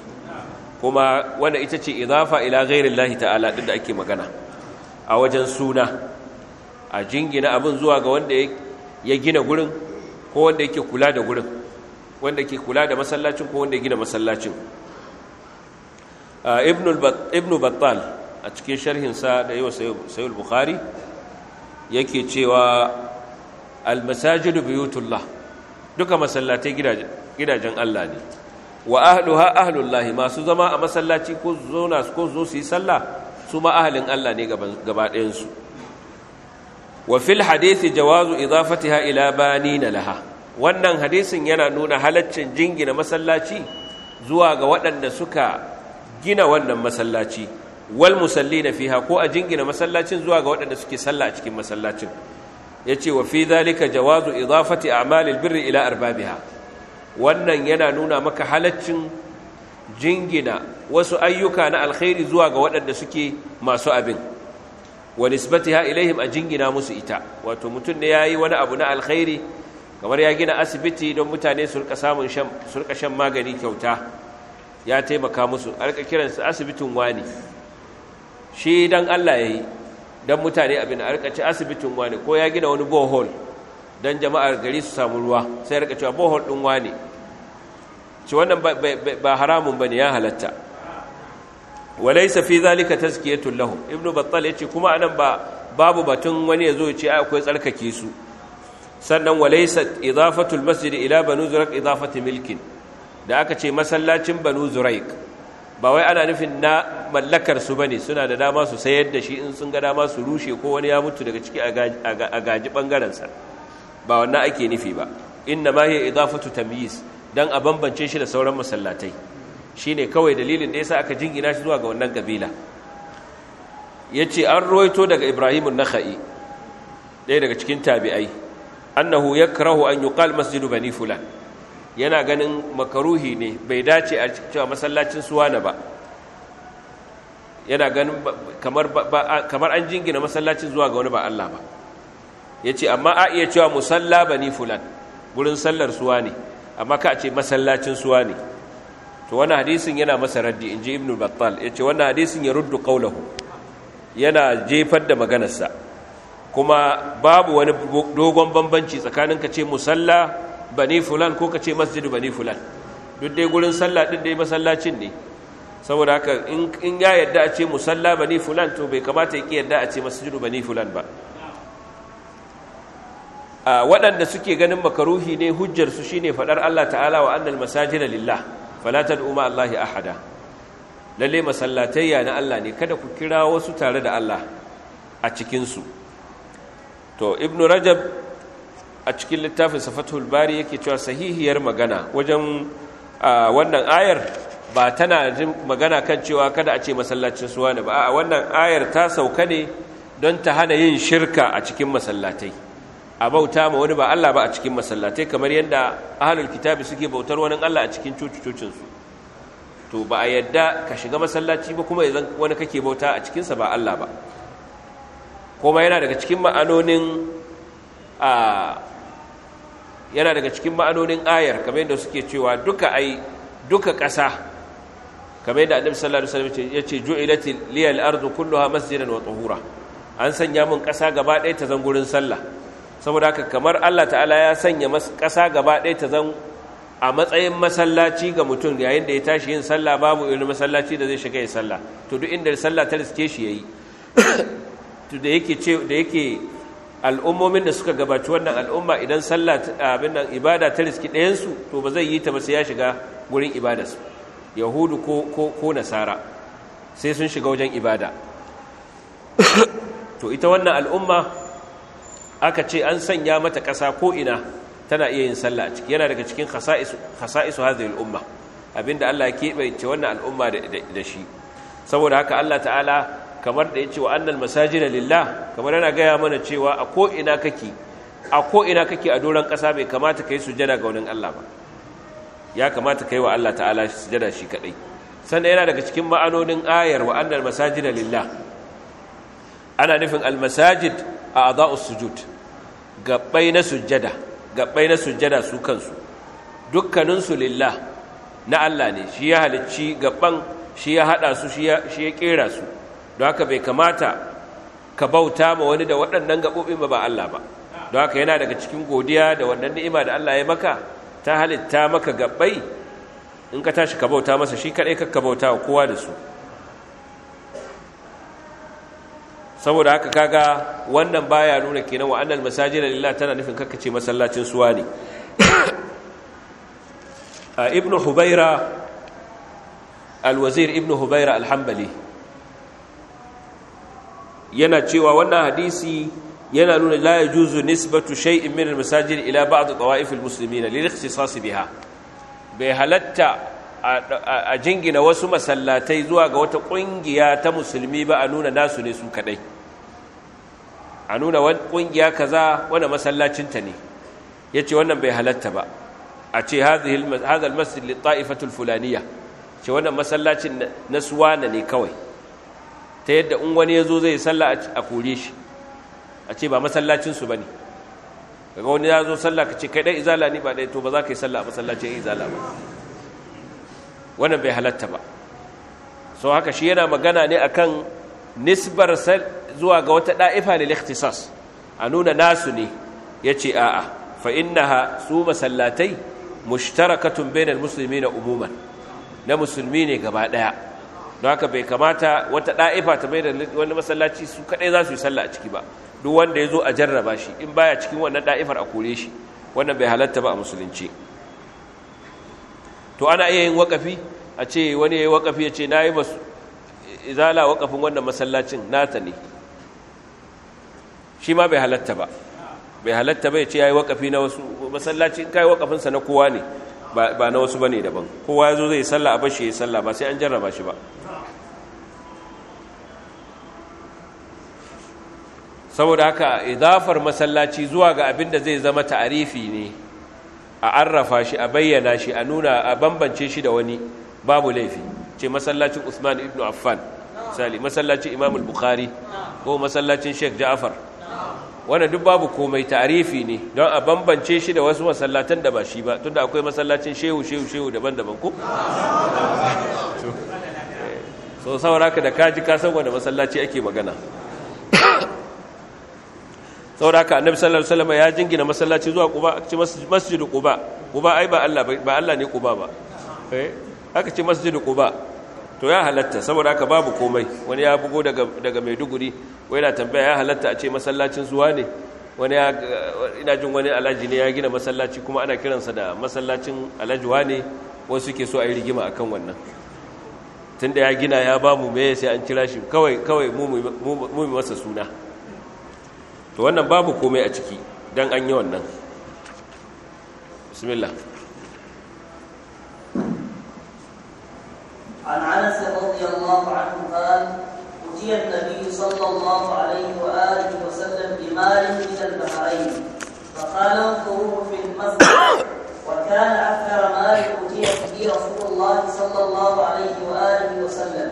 kuma wannan ita ce idafa ila ghairillahi ta'ala din da ake magana a wajen suna a jingina abin zuwa ga wanda ya gina gurin ko wanda yake kula da gurin wanda ke kula da masallacin ko wanda ya gina masallacin ah, ibn battal a cikin sharhinsa da yawa sayul bukhari yake cewa almasajidu buyutullah duka masallatai gidajen Allah ne wa ahluha ahlullahi masu zama a masallaci ko zona ko zo su yi sallah su ma ahlin Allah ne gaba ɗayan su wa fil hadisi jawazu idafatiha ila banina laha wannan hadisin yana nuna halaccin jingina masallaci zuwa ga waɗanda suka gina wannan masallaci wal musallina fiha ko a jingina masallacin zuwa ga waɗanda suke sallah a cikin masallacin yace wa fi dhalika jawazu idafati a'malil birri ila arbabiha wannan yana nuna maka halaccin jingina wasu ayyuka na alkhairi zuwa ga waɗanda suke masu abin wa nisbatiha ilaihim a jingina musu ita wato mutum ne yayi wani abu na alkhairi kamar ya gina asibiti don mutane su rika samun shan su rika shan magani kyauta ya taimaka musu alƙa kiransu asibitin wani shi dan Allah yayi don mutane abin a rikaci asibitin wani ko ya gina wani bohol don jama'ar gari su samu ruwa sai rika cewa bohol ɗin wani ci wannan ba haramun ba ne ya halatta walai safi zalika tazkiyatun lahum ibnu battal ce kuma anan ba babu batun wani yazo ya ce akwai tsarkake su sannan walaysat idafatul masjid ila banu zuraiq idafati milkin da aka ce masallacin banu zuraiq ba wai ana nufin na mallakar su bane suna da dama su sayar da shi in sun ga dama su rushe ko wani ya mutu daga ciki a gaji bangaren sa ba wannan ake nufi ba inna ma hiya idafatu tamyiz dan a bambance shi da sauran masallatai shine kawai dalilin da yasa aka jingina shi zuwa ga wannan kabila yace an ruwaito daga Ibrahim an-Nakhai daya daga cikin tabi'ai annahu yakrahu an yuqal masjidu bani fulan yana ganin makaruhi ne bai dace a cewa masallacin suwana ba yana ganin kamar an jingina masallacin zuwa ga wani ba Allah ba ya ce amma a iya cewa musalla ba ni fulan wurin sallar suwa ne amma ka ce masallacin suwa ne to wani hadisin yana masa raddi in ji ibn battal ya ce wani hadisin ya ruddu kaulahu yana jefar da maganarsa kuma babu wani dogon bambanci tsakanin ka ce musalla bani fulan ko ka ce masjidu bani fulan duk dai gurin sallah din dai masallacin ne saboda haka in ya yadda a ce musalla bani fulan to bai kamata ya ki yadda a ce masjidu bani fulan ba a waɗanda suke ganin makaruhi ne hujjar su shine faɗar Allah ta'ala wa annal masajida lillah fala tad'u ma Allahi ahada lalle masallatayya na Allah ne kada ku kira wasu tare da Allah a cikin su to ibnu rajab a cikin littafin safatul bari yake cewa sahihiyar magana wajen wannan ayar ba tana jin magana kan cewa kada a ce masallacin suwa ne ba a wannan ayar ta sauka ne don ta hana yin shirka a cikin masallatai a bauta ma wani ba Allah ba a cikin masallatai kamar yadda ahalul kitabi suke bautar wani Allah a cikin su to ba a yadda ka shiga masallaci ba kuma idan wani kake bauta a cikinsa ba Allah ba kuma yana daga cikin ma'anonin a yana daga cikin ma'anonin ayar kamar yadda suke cewa duka ai duka ƙasa kamar yadda annabi sallallahu alaihi wasallam ya ce ju'ilat liyal ardu kulluha masjidan wa tahura an sanya mun ƙasa gaba ɗaya ta zan gurin sallah saboda haka kamar Allah ta'ala ya sanya ƙasa gaba ɗaya ta zan a matsayin masallaci ga mutum yayin da ya tashi yin sallah babu irin masallaci da zai shiga ya sallah to duk inda sallah ta riske shi yayi to da yake ce da yake al'ummomin da suka gabaci wannan al'umma idan sallah abin nan ibada ta riski ɗayansu to ba zai yi ta ba sai ya shiga gurin ibadarsu yahudu ko ko ko nasara sai sun shiga wajen ibada to ita wannan al'umma aka ce an sanya mata ƙasa ko ina tana iya yin sallah ciki yana daga cikin khasa'isu hadhihi al'umma abinda Allah ya keɓe wannan al'umma da shi saboda haka Allah ta'ala kamar da ya ce wa annal masajida lillah kamar yana gaya mana cewa a ko'ina kake a ko'ina kake a doron ƙasa bai kamata ka yi sujada ga wani Allah ba ya kamata ka yi wa Allah ta'ala sujada shi kaɗai sannan yana daga cikin ma'anonin ayar wa annal masajida lillah ana nufin almasajid a adha'us sujud gabbai na sujada gabbai na sujada su kansu dukkaninsu lillah na Allah ne shi ya halicci gaban shi ya haɗa su shi ya kera su don haka bai kamata ka bauta ma wani da waɗannan gaɓoɓin ba ba Allah ba don haka yana daga cikin godiya da wannan ni'ima da Allah ya maka ta halitta maka gaɓai in ka tashi ka bauta masa shi kaɗai ka bauta wa kowa da su saboda haka kaga wannan baya nuna kenan wa annal da lillahi tana nufin ce masallacin suwa ne ibnu hubaira alwazir ibnu hubaira alhambali yana cewa wannan hadisi yana nuna la yajuzu nisbatu shay'in min al-masajid ila ba'd tawa'if al-muslimin lil ikhtisas biha bai halatta a jingina wasu masallatai zuwa ga wata kungiya ta musulmi ba a nuna nasu ne su kadai a nuna wani kungiya kaza wani masallacin ta ne yace wannan bai halatta ba a ce hadhihi hadha al-masjid li ta'ifatu fulaniyah ce wannan masallacin na suwana ne kawai ta yadda in wani ya zo zai sallah a kore shi a ce ba masallacinsu ba ne daga wani ya zo sallah ka ce kai ɗan izala ne ba ɗaya to ba za ka yi sallah a masallacin izala ba wannan bai halatta ba so haka shi yana magana ne akan nisbar zuwa ga wata ɗa'ifa ne liktisas a nuna nasu ne ya ce a'a fa innaha su masallatai mushtarakatun bainal musulmi na umuman na musulmi ne gaba ɗaya don haka bai kamata wata ɗa'ifa ta maida da wani masallaci su kaɗai za su yi sallah a ciki ba duk wanda ya zo a jarraba shi in baya cikin wannan ɗa'ifar a kore shi wannan bai halatta ba a musulunci to ana iya yin wakafi a ce wani ya yi wakafi ya ce na yi masu izala wakafin wannan masallacin nata ne shi ma bai halatta ba bai halatta ba ya ce ya yi wakafi na wasu masallacin kai wakafinsa na kowa ne ba na wasu ba ne daban kowa ya zo zai sallah a bashi ya yi sallah ba sai an jarraba shi ba saboda haka idafar masallaci zuwa ga abin da zai zama ta'arifi ne a arrafa shi a bayyana shi a nuna a bambance shi da wani babu laifi ce masallacin Usman ibn Affan misali masallacin Imam bukhari ko masallacin Sheikh Ja'far wanda duk babu komai ta'arifi ne don a bambance shi da wasu masallatan da ba shi ba tunda akwai masallacin shehu shehu shehu daban-daban ko so haka da kaji ka san wanda masallaci ake magana saboda haka annabi sallallahu alaihi wasallam ya jingina masallaci zuwa kuba aka ce masjidu kuba kuba ai ba Allah ba Allah ne kuba ba eh aka ce masjidu kuba to ya halatta saboda haka babu komai wani ya bugo daga daga Maiduguri wai yana tambaya ya halatta a ce masallacin zuwa ne wani ya ina jin wani alhaji ne ya gina masallaci kuma ana kiransa da masallacin alhaji ne wasu ke so a yi rigima akan wannan tunda ya gina ya ba mu me sai an kira shi kawai kawai mu mu masa suna to wannan babu komai a ciki dan an yi wannan bismillah عن انس رضي الله عنه قال اتي النبي صلى الله عليه واله وسلم بمال من البحرين فقال انظروه في المسجد وكان اكثر مال اتي به رسول الله صلى الله عليه واله وسلم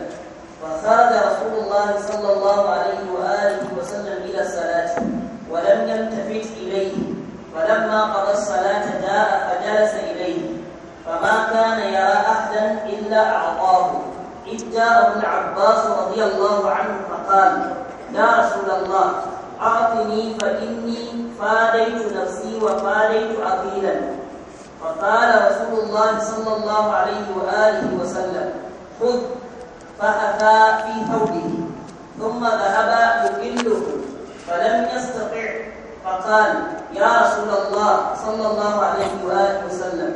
فخرج رسول الله صلى الله عليه وآله وسلم إلى الصلاة ولم يلتفت إليه فلما قضى الصلاة جاء فجلس إليه فما كان يرى أحدا إلا أعطاه إذ جاءه العباس رضي الله عنه فقال يا رسول الله أعطني فإني فاديت نفسي وفاديت عقيلا فقال رسول الله صلى الله عليه وآله وسلم خذ فأتى في ثوبه ثم ذهب يكله فلم يستطع فقال يا رسول الله صلى الله عليه وآله وسلم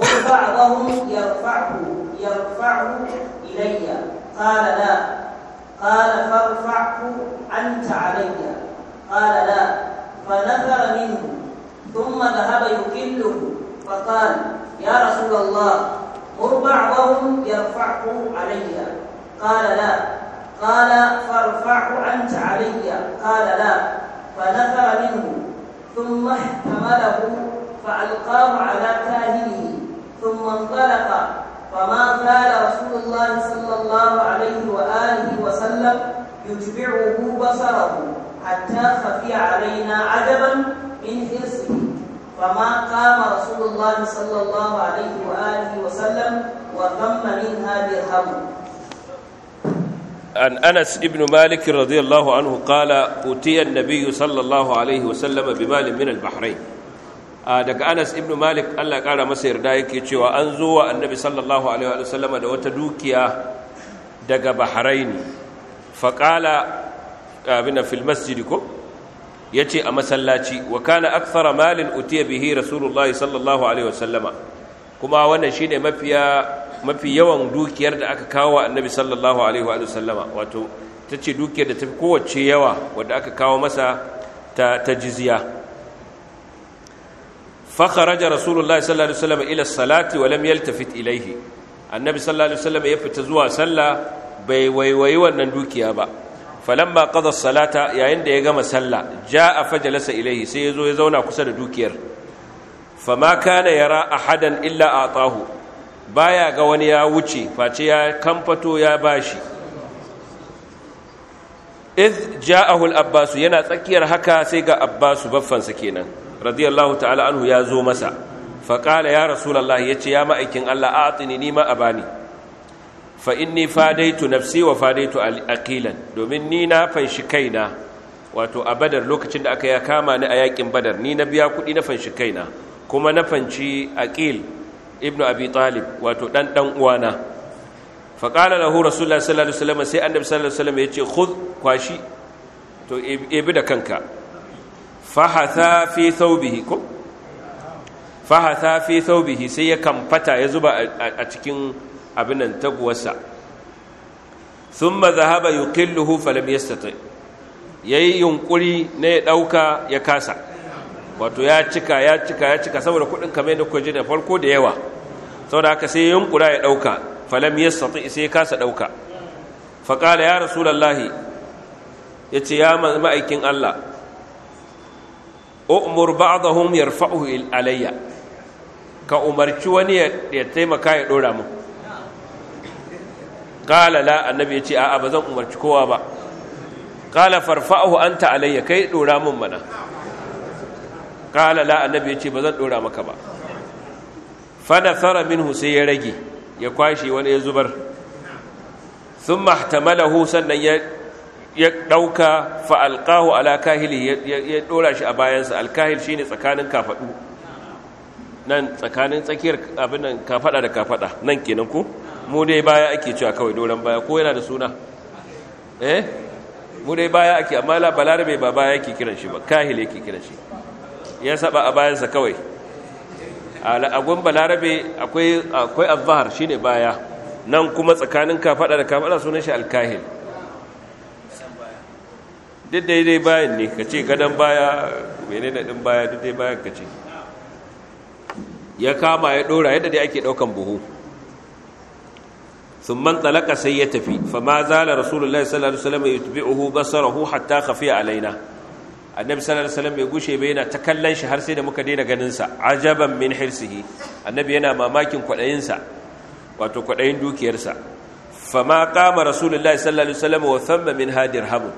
مر بعضهم يرفعه يرفعه إلي قال لا قال فارفعه أنت علي قال لا فنفر منه ثم ذهب يكله فقال يا رسول الله مر بعضهم يرفعه علي قال لا قال فارفعه أنت علي قال لا فنفر منه ثم احتمله فألقاه على كاهله ثم انطلق فما زال رسول الله صلى الله عليه وآله وسلم يتبعه بصره حتى خفي علينا عجبا من حرصه فما قام رسول الله صلى الله عليه وآله وسلم وضم منها درهم عن أنس ابن مالك رضي الله عنه قال أتي النبي صلى الله عليه وسلم بمال من البحرين دك أنس ابن مالك الله قال مسير دايك يتشوى أنزوى النبي صلى الله عليه وسلم دوتدوكيا دك بحرين فقال abin fil masjid ko yace a masallaci wa kana akthara malin utiya bihi rasulullahi sallallahu alaihi wasallama kuma wannan shine mafiya mafi yawan dukiyar da aka kawo annabi sallallahu alaihi wa sallama wato ta ce dukiyar da ta fi kowace yawa wadda aka kawo masa ta, ta jizya fakharaja rasulullahi sallallahu alaihi wasallam ila salati wa lam yaltafit ilaihi annabi sallallahu alaihi wasallam ya fita zuwa sallah bai waiwayi wannan dukiya ba falamma qada salata yayin da ya gama sallah jaa fajalasa ilaihi sai ya zo ya zauna kusa da dukiyar fama kana yara ahadan illa atahu baya ga wani ya wuce face ya kamfato ya bashi iz ja'ahu al-abbas yana tsakiyar haka sai ga Abbasu baffansa kenan radiyallahu ta'ala anhu ya zo masa fa qala ya rasulullah yace ya ma'aikin Allah atini ni ma abani fa inni fadaitu nafsi wa fadaitu aqilan domin ni na fanshi kaina wato a badar lokacin da aka ya kama ni a yakin badar ni na biya kuɗi na fanshi kaina kuma na fanci aqil ibn abi talib wato dan dan uwana fa qala lahu rasulullah sallallahu alaihi wasallam sai annabi sallallahu alaihi wasallam yace khudh kwashi to ebi e, da kanka fahatha fi thawbihi ko fahatha fi thawbihi sai ya kamfata ya zuba a cikin abin nan taguwarsa thumma dhahaba yuqilluhu falam yastati yayi yunkuri ne ya dauka ya kasa wato ya cika ya cika ya cika saboda kudin kamar da kuka da farko da yawa saboda haka sai kura ya ɗauka falam yastati sai kasa ɗauka faƙala ya rasulallahi ya ce ya ma'aikin Allah umur ba'dahum yarfa'uhu alayya ka umarci wani ya taimaka ya ɗora mu kala la annabi ya ce a'a ba zan umarci kowa ba kala farfa'uhu anta alayya kai ɗora mun mana kala la annabi ce ba zan dora maka ba fa fara min sai ya rage ya kwashe wani ya zubar sun thumma hu sannan ya ya dauka fa alqahu ala kahili ya dora shi a bayansa alkahil ne tsakanin kafaɗu nan tsakanin tsakiyar abin nan da kafaɗa nan kenan ku mu dai baya ake cewa kawai doron baya ko yana da suna eh mu dai baya ake amma la balarabe ba baya yake kiran shi ba kahil yake kiran shi ya saba a bayansa kawai a balarabe akwai akwai shi ne baya nan kuma tsakanin kafada da kafada sunan shi alkahil duk daidai bayan ne ka ce gadon baya menene ɗin baya duk daidai bayan ka ce ya kama ya ɗora yadda dai ake ɗaukan buhu Sun sai ya tafi. Fa ma زال رسول sallallahu صلى الله ya tafi uhu basarahu hatta kafiya alaina. annabi sallallahu alaihi bai gushe bai yana ta kallon shi har sai da muka daina ganin sa ajaban min hirsihi annabi yana mamakin kwadayin sa wato kwadayin dukiyar sa ma qama rasulullahi sallallahu alaihi wasallam wa thamma min hadir hamu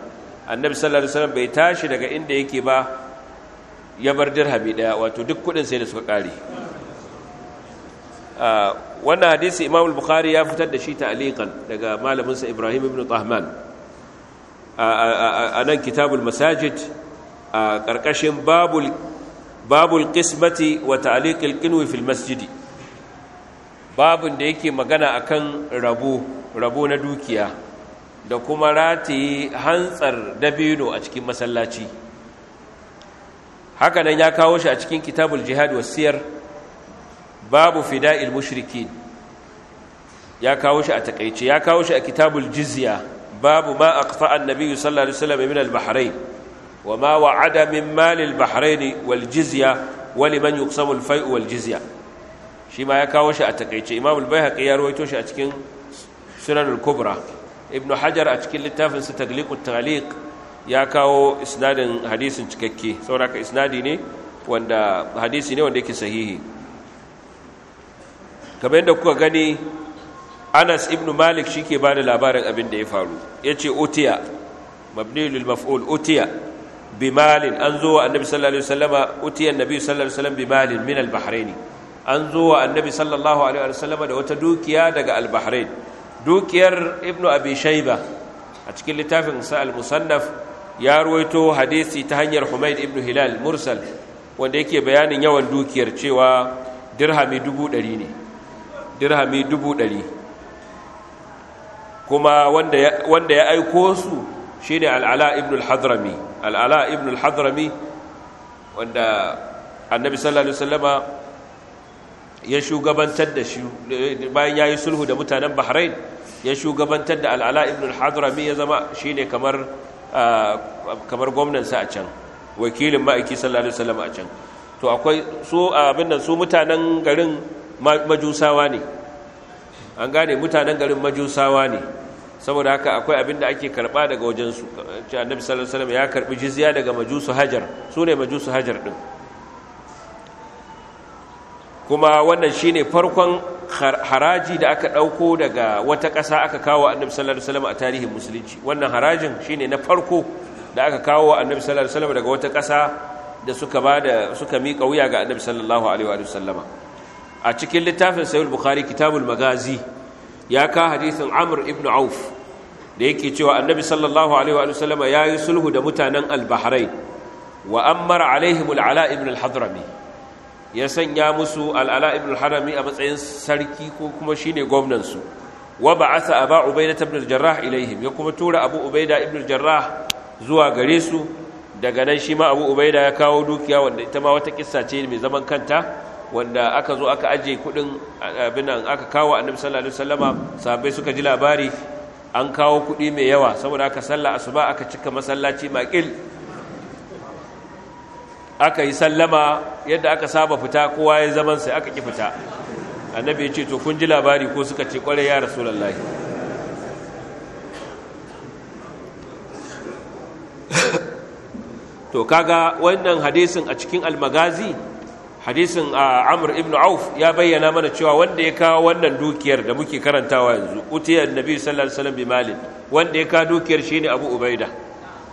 annabi sallallahu alaihi bai tashi daga inda yake ba ya bar dirhami daya wato duk kudin sai da suka kare ah, wannan hadisi imam al-bukhari ya fitar da shi ta'liqan daga malamin sa ibrahim ibn tahman ah, ah, a nan kitabul masajid a ƙarƙashin babul babul qismati wa ta'liqil qinwi fil masjidi babun da yake magana a kan rabo rabo na dukiya da kuma rataye hantsar dabino a cikin masallaci haka nan ya kawo shi a cikin kitabul jihad wasiyar babu fida'il mushrikin ya kawo shi a takaice ya kawo shi a kitabul jizya babu ma aqfa annabi sallallahu alaihi wasallam min al-bahrain wa ma wa'ada min malil bahrain waljiziya jizya wa liman yuqsamu al fai'u ya kawo shi a takeice imam al baihaqi ya rawaito shi a cikin sunan al kubra ibnu hajar a cikin littafin sa tagliq ya kawo isnadin hadisin cikakke saboda ka ne wanda hadisi ne wanda yake sahihi kamar yadda kuka gani anas ibnu malik shi ke bada labarin abin da ya faru ya ce otiya mabnilul maf'ul otiya bimalin an zo annabi sallallahu alaihi wasallama utiya annabi sallallahu alaihi wasallam bimalin min al an zo wa annabi sallallahu alaihi wasallama da wata dukiya daga albahrain dukiyar ibnu abishaiba a cikin littafin sa musannaf ya ruwaito hadisi ta hanyar humaid ibnu hilal mursal wanda yake bayanin yawan dukiyar cewa dirhami dubu ɗari ne dirhami dubu ɗari kuma wanda ya aiko su shine al'ala ibnu al-hadrami al'ala ibn al-hadrami wanda annabi sallallahu alaihi wasallama ya shugabantar da shi bayan ya yi sulhu da mutanen bahrain ya shugabantar da al'ala ibn al-hadrami ya zama shi ne kamar gwamnansa a can wakilin ma'aiki sallallahu alaihi wasallam a can to akwai su abin nan su mutanen garin majusawa ne an gane mutanen garin majusawa ne saboda haka akwai abin da ake karba daga wajen su annabi sallallahu alaihi wasallam ya karbi jizya daga majusu hajar su ne majusu hajar din kuma wannan shine farkon haraji da aka dauko daga wata ƙasa aka kawo annabi sallallahu alaihi wasallam a tarihin musulunci wannan harajin shine na farko da aka kawo annabi sallallahu alaihi wasallam daga wata ƙasa da suka da suka mika wuya ga annabi sallallahu alaihi wasallama a cikin littafin sahih bukhari kitabul magazi ya ka hadisin amr ibn auf da yake cewa annabi sallallahu alaihi wa sallama ya yi sulhu da mutanen al-bahrain wa ammara alaihim ibn al-hadrami ya sanya musu al ibn al-hadrami a matsayin sarki ko kuma shine gwamnan su wa ba'atha aba ubayda ibn al-jarrah ilaihim ya kuma tura abu ubayda ibn al-jarrah zuwa gare su daga nan shi ma abu ubayda ya kawo dukiya wanda ita ma wata kissa ce mai zaman kanta wanda aka zo aka ajiye kudin abin aka kawo annabi sallallahu alaihi wasallama sahabbai suka ji labari an kawo kudi mai yawa saboda aka salla asuba aka cika masallaci makil aka yi sallama yadda aka saba fita kowa ya zaman sai aka ki fita annabi ya ce to kun ji labari ko suka ce kware ya rasulullahi to kaga wannan hadisin a cikin almagazi hadisin ah, amur ibn auf ya bayyana mana cewa wanda ya kawo wannan dukiyar da muke karantawa yanzu utiyar nabi sallallahu alaihi wasallam bi malin wanda ya kawo dukiyar shine abu ubaida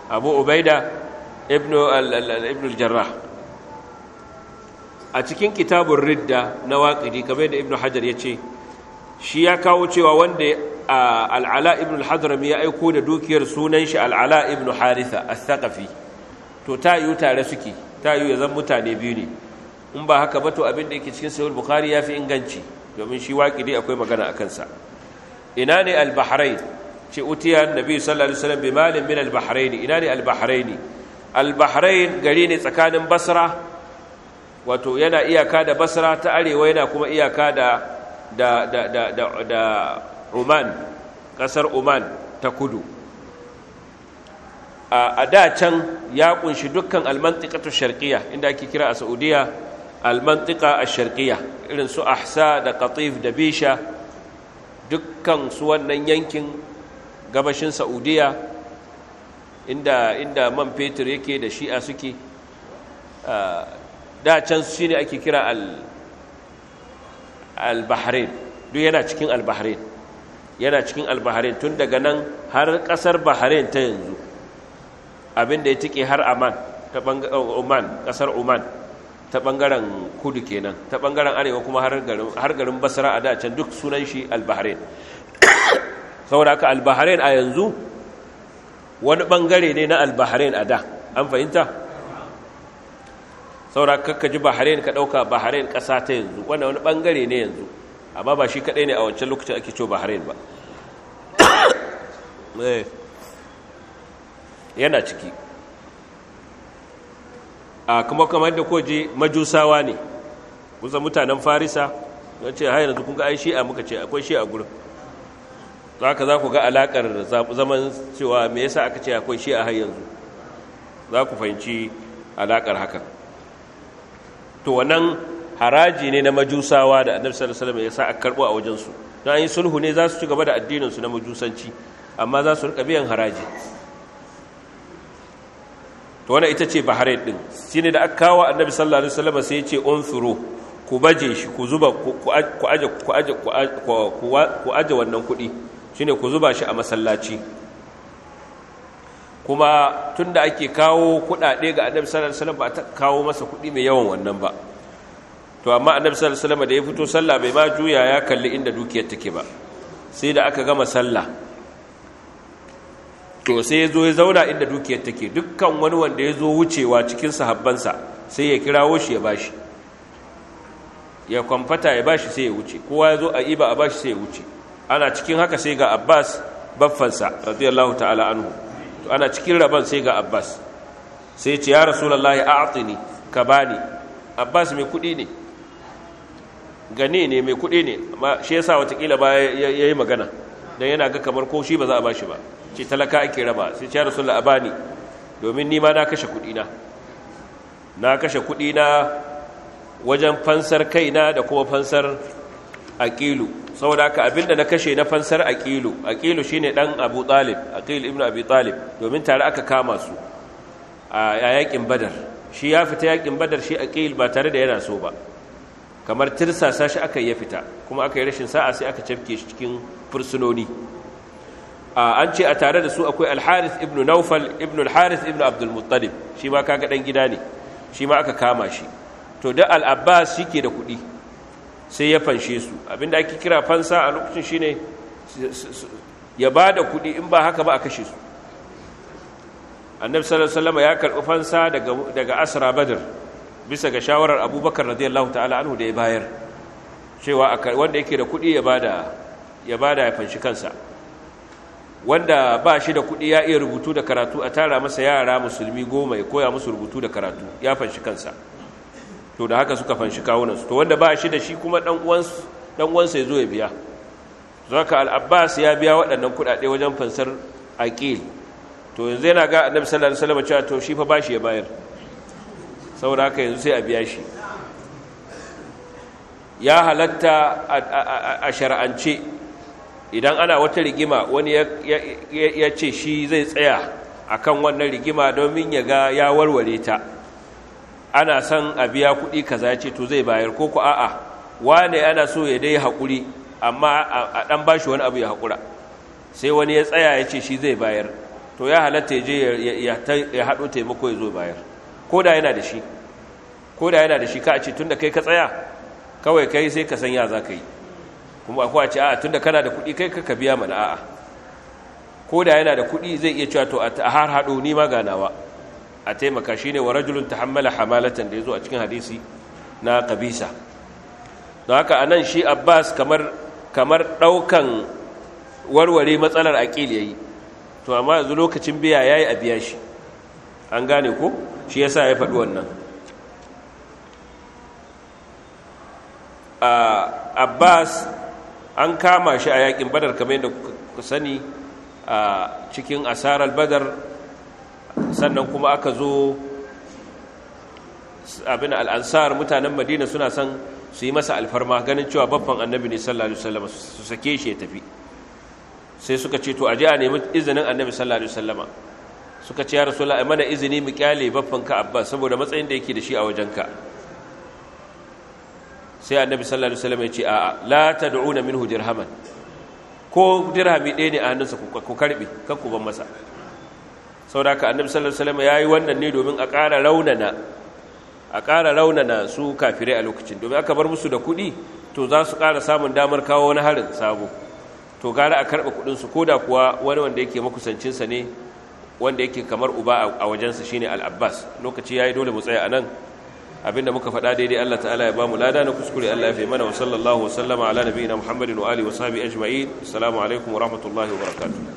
abu ubaida ibn ibn al-jarrah a cikin kitabun ridda na waqidi kamar da ibn hajar yace shi ya kawo cewa wanda ah, al'ala ibn al-hadrami ya aiko da dukiyar sunan shi al'ala ibn haritha al-thaqafi to ta yi tare suke ta yi zan mutane biyu ne in ba haka ba to abin da yake cikin sahih bukhari yafi inganci domin shi waqidi akwai magana akan sa ina ne al-bahrain ce utiya annabi sallallahu alaihi wasallam bi malin min al-bahrain ina ne al-bahrain al-bahrain gari ne tsakanin basra wato yana iyaka da basra ta arewa yana kuma iyaka da da da da da, da Oman kasar Oman ta kudu a da can ya kunshi dukkan al-mantiqatu sharqiyya inda ake kira a Saudiya almantika a shirkiya irin su ahsa da katif da bisha dukkan su wannan yankin gabashin saudiya inda inda man fetur yake da shi'a suke ah, da can shi ne ake kira al-bahrain duk yana cikin al-bahrain yana cikin al-bahrain tun daga nan har kasar bahrain ta yanzu abinda ya tike har aman ta bangaren oman kasar oman ta bangaren kudu kenan ta bangaren arewa kuma har garin basara a da can duk sunan shi albaharin saboda haka albaharin a yanzu wani bangare ne na albaharin a da an fahimta saboda kakka ji baharin ka dauka baharin kasa ta yanzu wanda wani bangare ne yanzu amma ba shi kadai ne a wancan lokacin ake cewa baharin ba eh. yana ciki A kuma kamar da je majusawa ne kusan mutanen farisa don ce har da kun ga ai shi'a muka ce akwai shi'a gurin za ka za ku ga alaƙar zaman cewa me yasa aka ce akwai shi'a har yanzu za ku fahimci alaƙar haka to wannan haraji ne na majusawa da annabi sallallahu alaihi wasallam ya sa aka karbo a wajensu don an yi sulhu ne za su ci gaba da addininsu na majusanci amma za su rika biyan haraji to wannan ita ce bahrain din shine da aka kawo annabi sallallahu alaihi wasallam sai ya ce unthuru ku baje shi ku zuba ku aje ku aje ku aje wannan kuɗi shine ku zuba shi a masallaci kuma tunda ake kawo kuɗaɗe ga annabi sallallahu alaihi wasallam ba ta kawo masa kuɗi mai yawan wannan ba to amma annabi sallallahu alaihi wasallam da ya fito sallah bai ma juya ya kalli inda dukiyar take ba sai da aka gama sallah to sai ya zo ya zauna inda dukiyar take dukkan wani wanda ya zo wucewa cikin sahabbansa sai ya kirawo shi ya bashi ya kwamfata ya bashi sai ya wuce kowa ya zo a iba a bashi sai ya wuce ana cikin haka sai ga abbas baffansa radiyallahu ta'ala anhu to ana cikin rabon sai ga abbas sai ce ya rasulullahi a'tini ka bani abbas mai kuɗi ne gane ne mai kuɗi ne amma shi yasa watakila ba ya yi magana dan yana ga kamar ko shi ba za a bashi ba ce talaka ake raba sai ce ya rasulullah a bani domin ni ma na kashe kuɗi na na kashe kuɗi na wajen fansar kaina da kuma fansar aqilu saboda haka abinda na kashe na fansar aqilu aqilu shine dan Abu Talib aqil ibn Abi Talib domin tare aka kama su a yaƙin Badar shi ya fita yakin Badar shi aqil ba tare da yana so ba kamar tirsasa shi aka yi fita kuma aka yi rashin sa'a sai aka cafke shi cikin fursunoni an ce a tare da su akwai alharis ibn naufal ibn alharis ibn abdulmuttalib shi ma kaga dan gida ne shi ma aka kama shi to da al'abbas shi ke da kuɗi sai ya fanshe su abinda ake kira fansa a lokacin shi ne ya ba da kuɗi in ba haka ba a kashe su annabi sallallahu alaihi ya karɓi fansa daga asra badr bisa ga shawarar abubakar radiyallahu ta'ala anhu da ya bayar cewa wanda yake da kuɗi ya ba da ya ba da ya fanshi kansa wanda ba shi da kuɗi ya iya rubutu da karatu a tara masa yara musulmi goma ya koya musu rubutu da karatu ya fanshi kansa to da haka suka fanshi kawunansu to wanda ba shi da shi kuma ɗan uwansa ya zo ya biya zaka al-abbas ya biya waɗannan kuɗaɗe wajen fansar aƙil to yanzu yana ga annabi sallallahu alaihi wasallam cewa to shi fa bashi ya bayar saboda haka yanzu sai a biya shi ya halatta a shar'ance idan ana wata rigima wani ya ce shi zai tsaya akan wannan rigima domin ya ga ya warware ta ana son a biya kuɗi kaza ce to zai bayar ko ku a'a wane ana so ya dai haƙuri amma a ɗan ba shi wani abu ya haƙura sai wani ya tsaya ya ce shi zai bayar to ya halatta je ya haɗo taimako ya zo bayar ko da yana da shi ka a ce tun da kai ka tsaya kawai kai sai ka san ya za ka yi kuma akwai a ce a'a tunda kana da kuɗi kai ka biya mana a'a ko da yana da kuɗi zai iya cewa to a har haɗo ni ma ganawa a taimaka shi ne wa rajulun tahammala hamalatan da ya zo a cikin hadisi na kabisa don haka anan shi abbas kamar kamar ɗaukan warware matsalar aƙil yayi to amma yanzu lokacin biya yayi a biya shi an gane ko shi yasa ya faɗi wannan abbas an kama shi a yakin badar kamar yadda ku sani a cikin asarar badar sannan kuma aka zo abin al'ansar mutanen madina suna son su yi masa alfarma ganin cewa babban annabi ne sallallahu alaihi su sake shi ya tafi sai suka ce to a ji a nemi izinin annabi sallallahu alaihi suka ce ya rasu mana izini mu kyale babban ka abba saboda matsayin da yake da shi a wajenka sai annabi sallallahu alaihi wasallam ya ce a'a la tad'una minhu dirhaman ko dirhami ɗaya ne a hannunsa ku karbe kan ku ban masa saboda annabi sallallahu alaihi wasallam yayi wannan ne domin a ƙara raunana a ƙara raunana su kafirai a lokacin domin aka bar musu da kuɗi to za su ƙara samun damar kawo wani harin sabo to gara a karɓa kuɗinsu ko da kuwa wani wanda yake makusancinsa ne wanda yake kamar uba a wajensa shine al'abbas lokaci yayi dole mu tsaya a nan abinda muka faɗa daidai Allah ta'ala ya ba mu lada na kuskure Allah ya fi mana wa sallallahu wa sallama ala nabiyina Muhammadin wa alihi wa sahbihi ajma'in assalamu alaikum wa rahmatullahi wa barakatuh